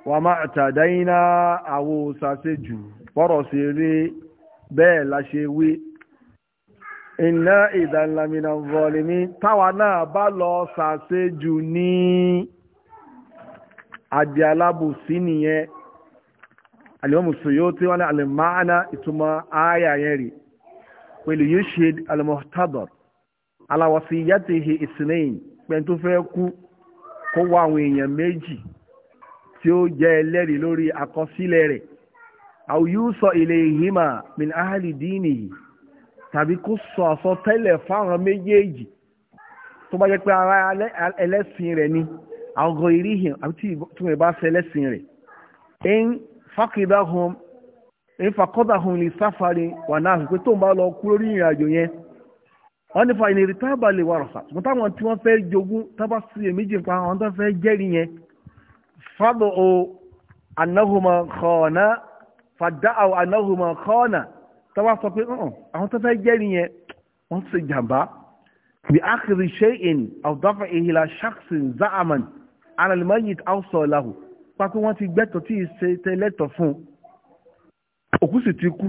wà má tàdáyìnà àwọn òṣàṣejù bọ́rọ̀ sí rí bẹ́ẹ̀ la ṣe wí. iná ìdánlámìnà vọ́límì táwa náà bá lọ ṣàṣejù ní adì alábùsí nìyẹn alimọ́mù sòyó tí wọ́n ní alimáàna ìtumọ̀ ayà yẹn rí pẹ̀lú yóò ṣe alimọ́tàdọ̀ aláwọ̀sí yàtìhì ìsìnlẹ̀yìn pẹ̀lú tó fẹ́ kú kó wá àwọn èèyàn méjì tí ó jẹ́ ẹlẹ́rìí lórí àkọsílẹ̀ rẹ̀ àwùyúsọ ilé ìhìmà min áhàlì dínì yìí tàbí kó sọ àsọtẹ́lẹ̀ fáwọn méjèèjì tó bá jẹ́ pé ara ẹlẹ́sìn rẹ̀ ni àgọ́ ìríhìn àbí tí wọ́n bá ṣe ẹlẹ́sìn rẹ̀ ń fàkìdá hàn ń fàkọ́dà hàn lè sáfàrí wà náà pé tó ń bá lọ kú lórí ìrìn àjò yẹn wọ́n ní fàyìn ìrìn tábà lè wà rọ̀sà ṣùgbọ́n táwọn tí wọ́n fẹ́ jogún tábà sí èméjì pa àwọn tó fẹ́ jẹ́rìí yẹn fàdọ̀ o anáhùmọ̀ kọ̀ọ̀nà fàdá tọ́wọ́ sọ pé àwọn tó fẹ́ jẹ́rìí yẹn wọ́n ti jàǹbá bí akiri ṣẹ́yìn ọ̀dọ́fà ìhìlá ṣáksìn záàmàn alàlùmọ́yìí àwùsọ ọ̀làhù pápẹ́ wọ́n ti gbẹ́tọ̀ tí ì ṣe tẹ́lẹ̀tọ̀ fún òkú sì ti kú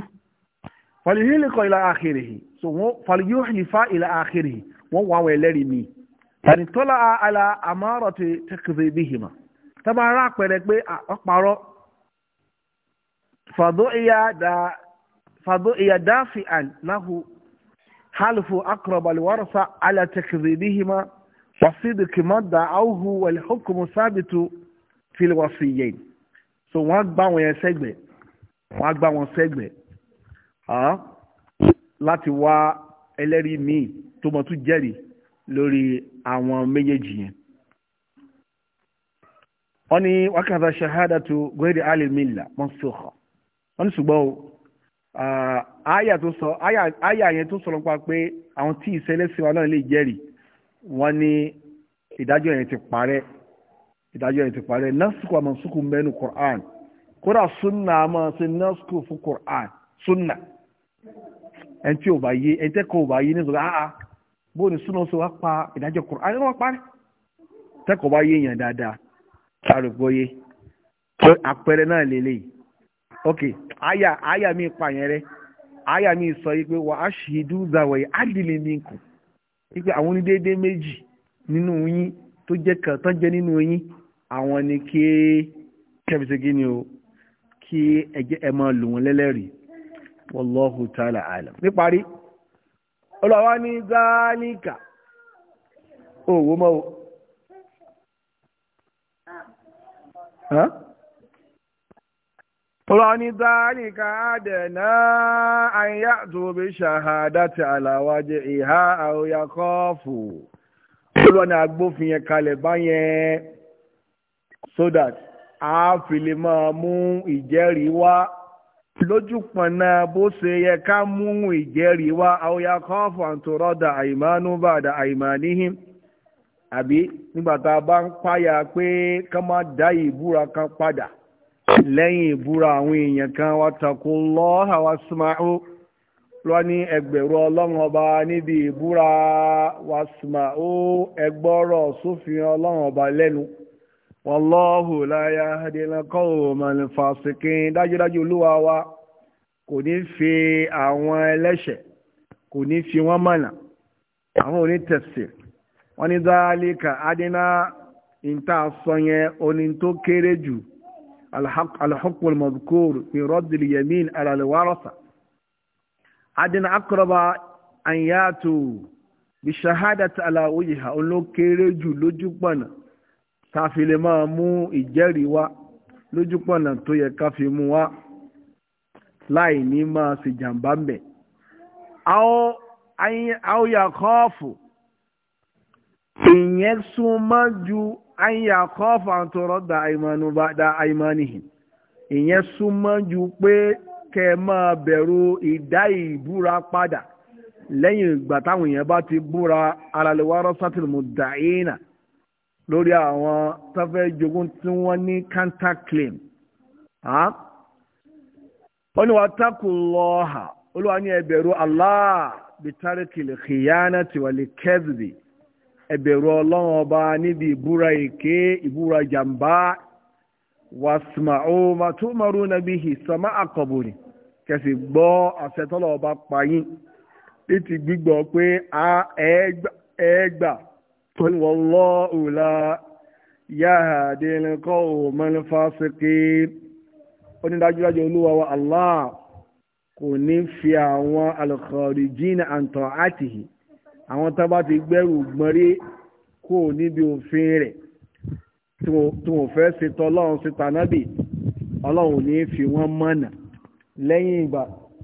fàlìhílìkọ̀ ìlà àkèrè so wọ́n fàlìyóhìlìfà ìlà àkèrè wọ́n wà wọ́n ẹlẹ́rìí mi tani tọ́lá àlà àmọ́rọ̀ ti tẹ́kẹ̀rẹ́ bí hìmà tọ́ba ará pẹ̀rẹ̀ pé ọ̀pàrọ̀ fàdó ìyá dáa فضئي دافئا له حلف أقرب الورثة على تكذيبهما وصدق ما دعوه والحكم ثابت في الوصيين so wọ́n gbá wọn yẹn sẹ́gbẹ̀ wọ́n gbá wọn sẹ́gbẹ̀ láti wá ẹlẹ́rìí míì tó mọ̀ tún jẹ́rìí lórí àwọn méjèèjì yẹn wọ́n ní wákàtà shahadatu ghairi alil milla mansukha wọ́n ní aya ah, tó sọ aya yẹn tó sọ̀rọ̀ pa pé àwọn tí ìṣẹlẹ̀sìn wa náà lè jẹ́rìí wọn ni ìdájọ yẹn ti parẹ́ ìdájọ yẹn ti parẹ́ násìkò amasuku sùkù mẹ́nu Qur'an kódà sunna àmọ́ sí násìkò fún Qur'an sunna ẹni tí ò bá yé ẹni tẹ́kọ̀ ò bá yé ní sọ àá ah, ah, bó ni sunna sọ wá pa ìdájọ́ Qur'an wọ́n parẹ́ tẹ́kọ̀ bá yé yẹn dáadáa arúgbó yé àpẹẹrẹ náà lélẹ́yìí. ok aya aya mi pààyàn rẹ aya mi sọ yìí wa wà á ṣe dúdàwọ̀ yìí ádìlẹ̀ mi kù wípé àwọn onídéédé méjì nínú yín tó kan nínú yín àwọn ni kí kẹ́bìtìgì ni o kí ẹ̀jẹ̀ ẹ̀ lò wọ́n lẹ́lẹ́rìí wallahu ta'ala alam níparí ọlọ́wà ní záálíkà o. ọlọ́ni dáríkà àdẹ̀nà àyà tóbi ṣàhádàtì àlàwájẹ́ ìhá àwòyà kọ́ọ̀fù ọlọ́ni agbófin yẹn kalẹ̀ báyẹn so that a fi lè máa mú ìjẹ́rìí wá lójúpọ̀nà bó ṣe yẹ ká mú a bá lẹ́yìn ìbúra àwọn èèyàn kan wattaqullaha wasma'u lọ ní ẹgbẹ̀rún ọlọ́run ọba níbi ìbúra wasma'u ẹgbọ́rọ̀ sófin ọlọ́run ọba lẹ́nu wallahu la yahdil qawmal fasiqin dájúdájú olúwa wa kò ní fi àwọn ẹlẹ́ṣẹ̀ kò ní fi wọ́n mọ̀nà àwọn onítẹ̀sí wọ́n ní dhalika adínà ìta sọ yẹn oní tó kéré jù الحق المذكور في رد اليمين على الورثة أدنى أقرب أن ياتوا بالشهادة على وجهها olókéré jù lójúpọ̀nà tá a fi lè máa mú ìjẹ́rìí wá lójúpọ̀nà tó yẹ ká fi mú wá láì ní máa sì jàǹbá mbẹ̀. àwọn yà kọ́ọ̀fù ìyẹn súnmọ́ ju an yà kọ́fà tó rọ́dà àìmánú bá dá àìmánìhì ìyẹn súnmọ́ ju pé kẹ máa bẹ̀rù ìdá ìbúra padà lẹ́yìn ìgbà táwọn èèyàn bá ti búra alàlẹ́wárọ́ sátìlmù dàínà lórí àwọn tọ́fẹ́ jogún tí wọ́n ní counter claim ó ní wàá takò lọ́ọ̀hà olúwa ní ẹ bẹ̀rù Allah lè kìyànà tiwàlẹ̀ kẹ́zìbì ẹ̀bẹ̀rù ọlọ́run ọba níbi ìbúra èké ìbúra jàmbá wàsímàó màtúmọ̀rú nàbí hìsàmá àkọ́bùnì kẹsì gbọ́ àṣetọ́lọ̀ ọba pààyàn létí gbígbọ́ pé a ẹ̀ẹ́gbà qul wallahu la yahdi al-qawmal fasiqin onídàájúdájú olúwa wa Allah kò ní fi àwọn al-kharijina an ta'atihi àwọn tó bá ti gbẹ́rù gbọ́nrí kò níbi òfin rẹ̀ tí wọ́n fẹ́ ṣe tọ́lọ́run ṣe tànábì ọlọ́run ní fi wọ́n mọ̀nà lẹ́yìn ìgbà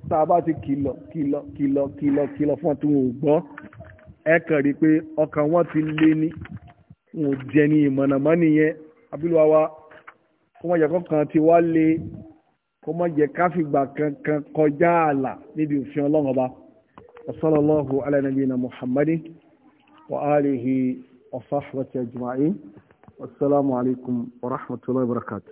tá a bá ti kìlọ̀ kìlọ̀ kìlọ̀ kìlọ̀ kìlọ̀ fún ọ tí wọ́n ò gbọ́ ẹ kàn rí i pé ọkàn wọn ti lé ní wọn jẹ ní ìmọ̀nàmọ́ nìyẹn abúlé kó má jẹ́ kọ́kàn tí wá lé kó má jẹ́ káfígbà kankan kọjá ààlà níbi òfin ọlọ́run ọba. وصلى الله على نبينا محمد وآله وصحبه أجمعين والسلام عليكم ورحمة الله وبركاته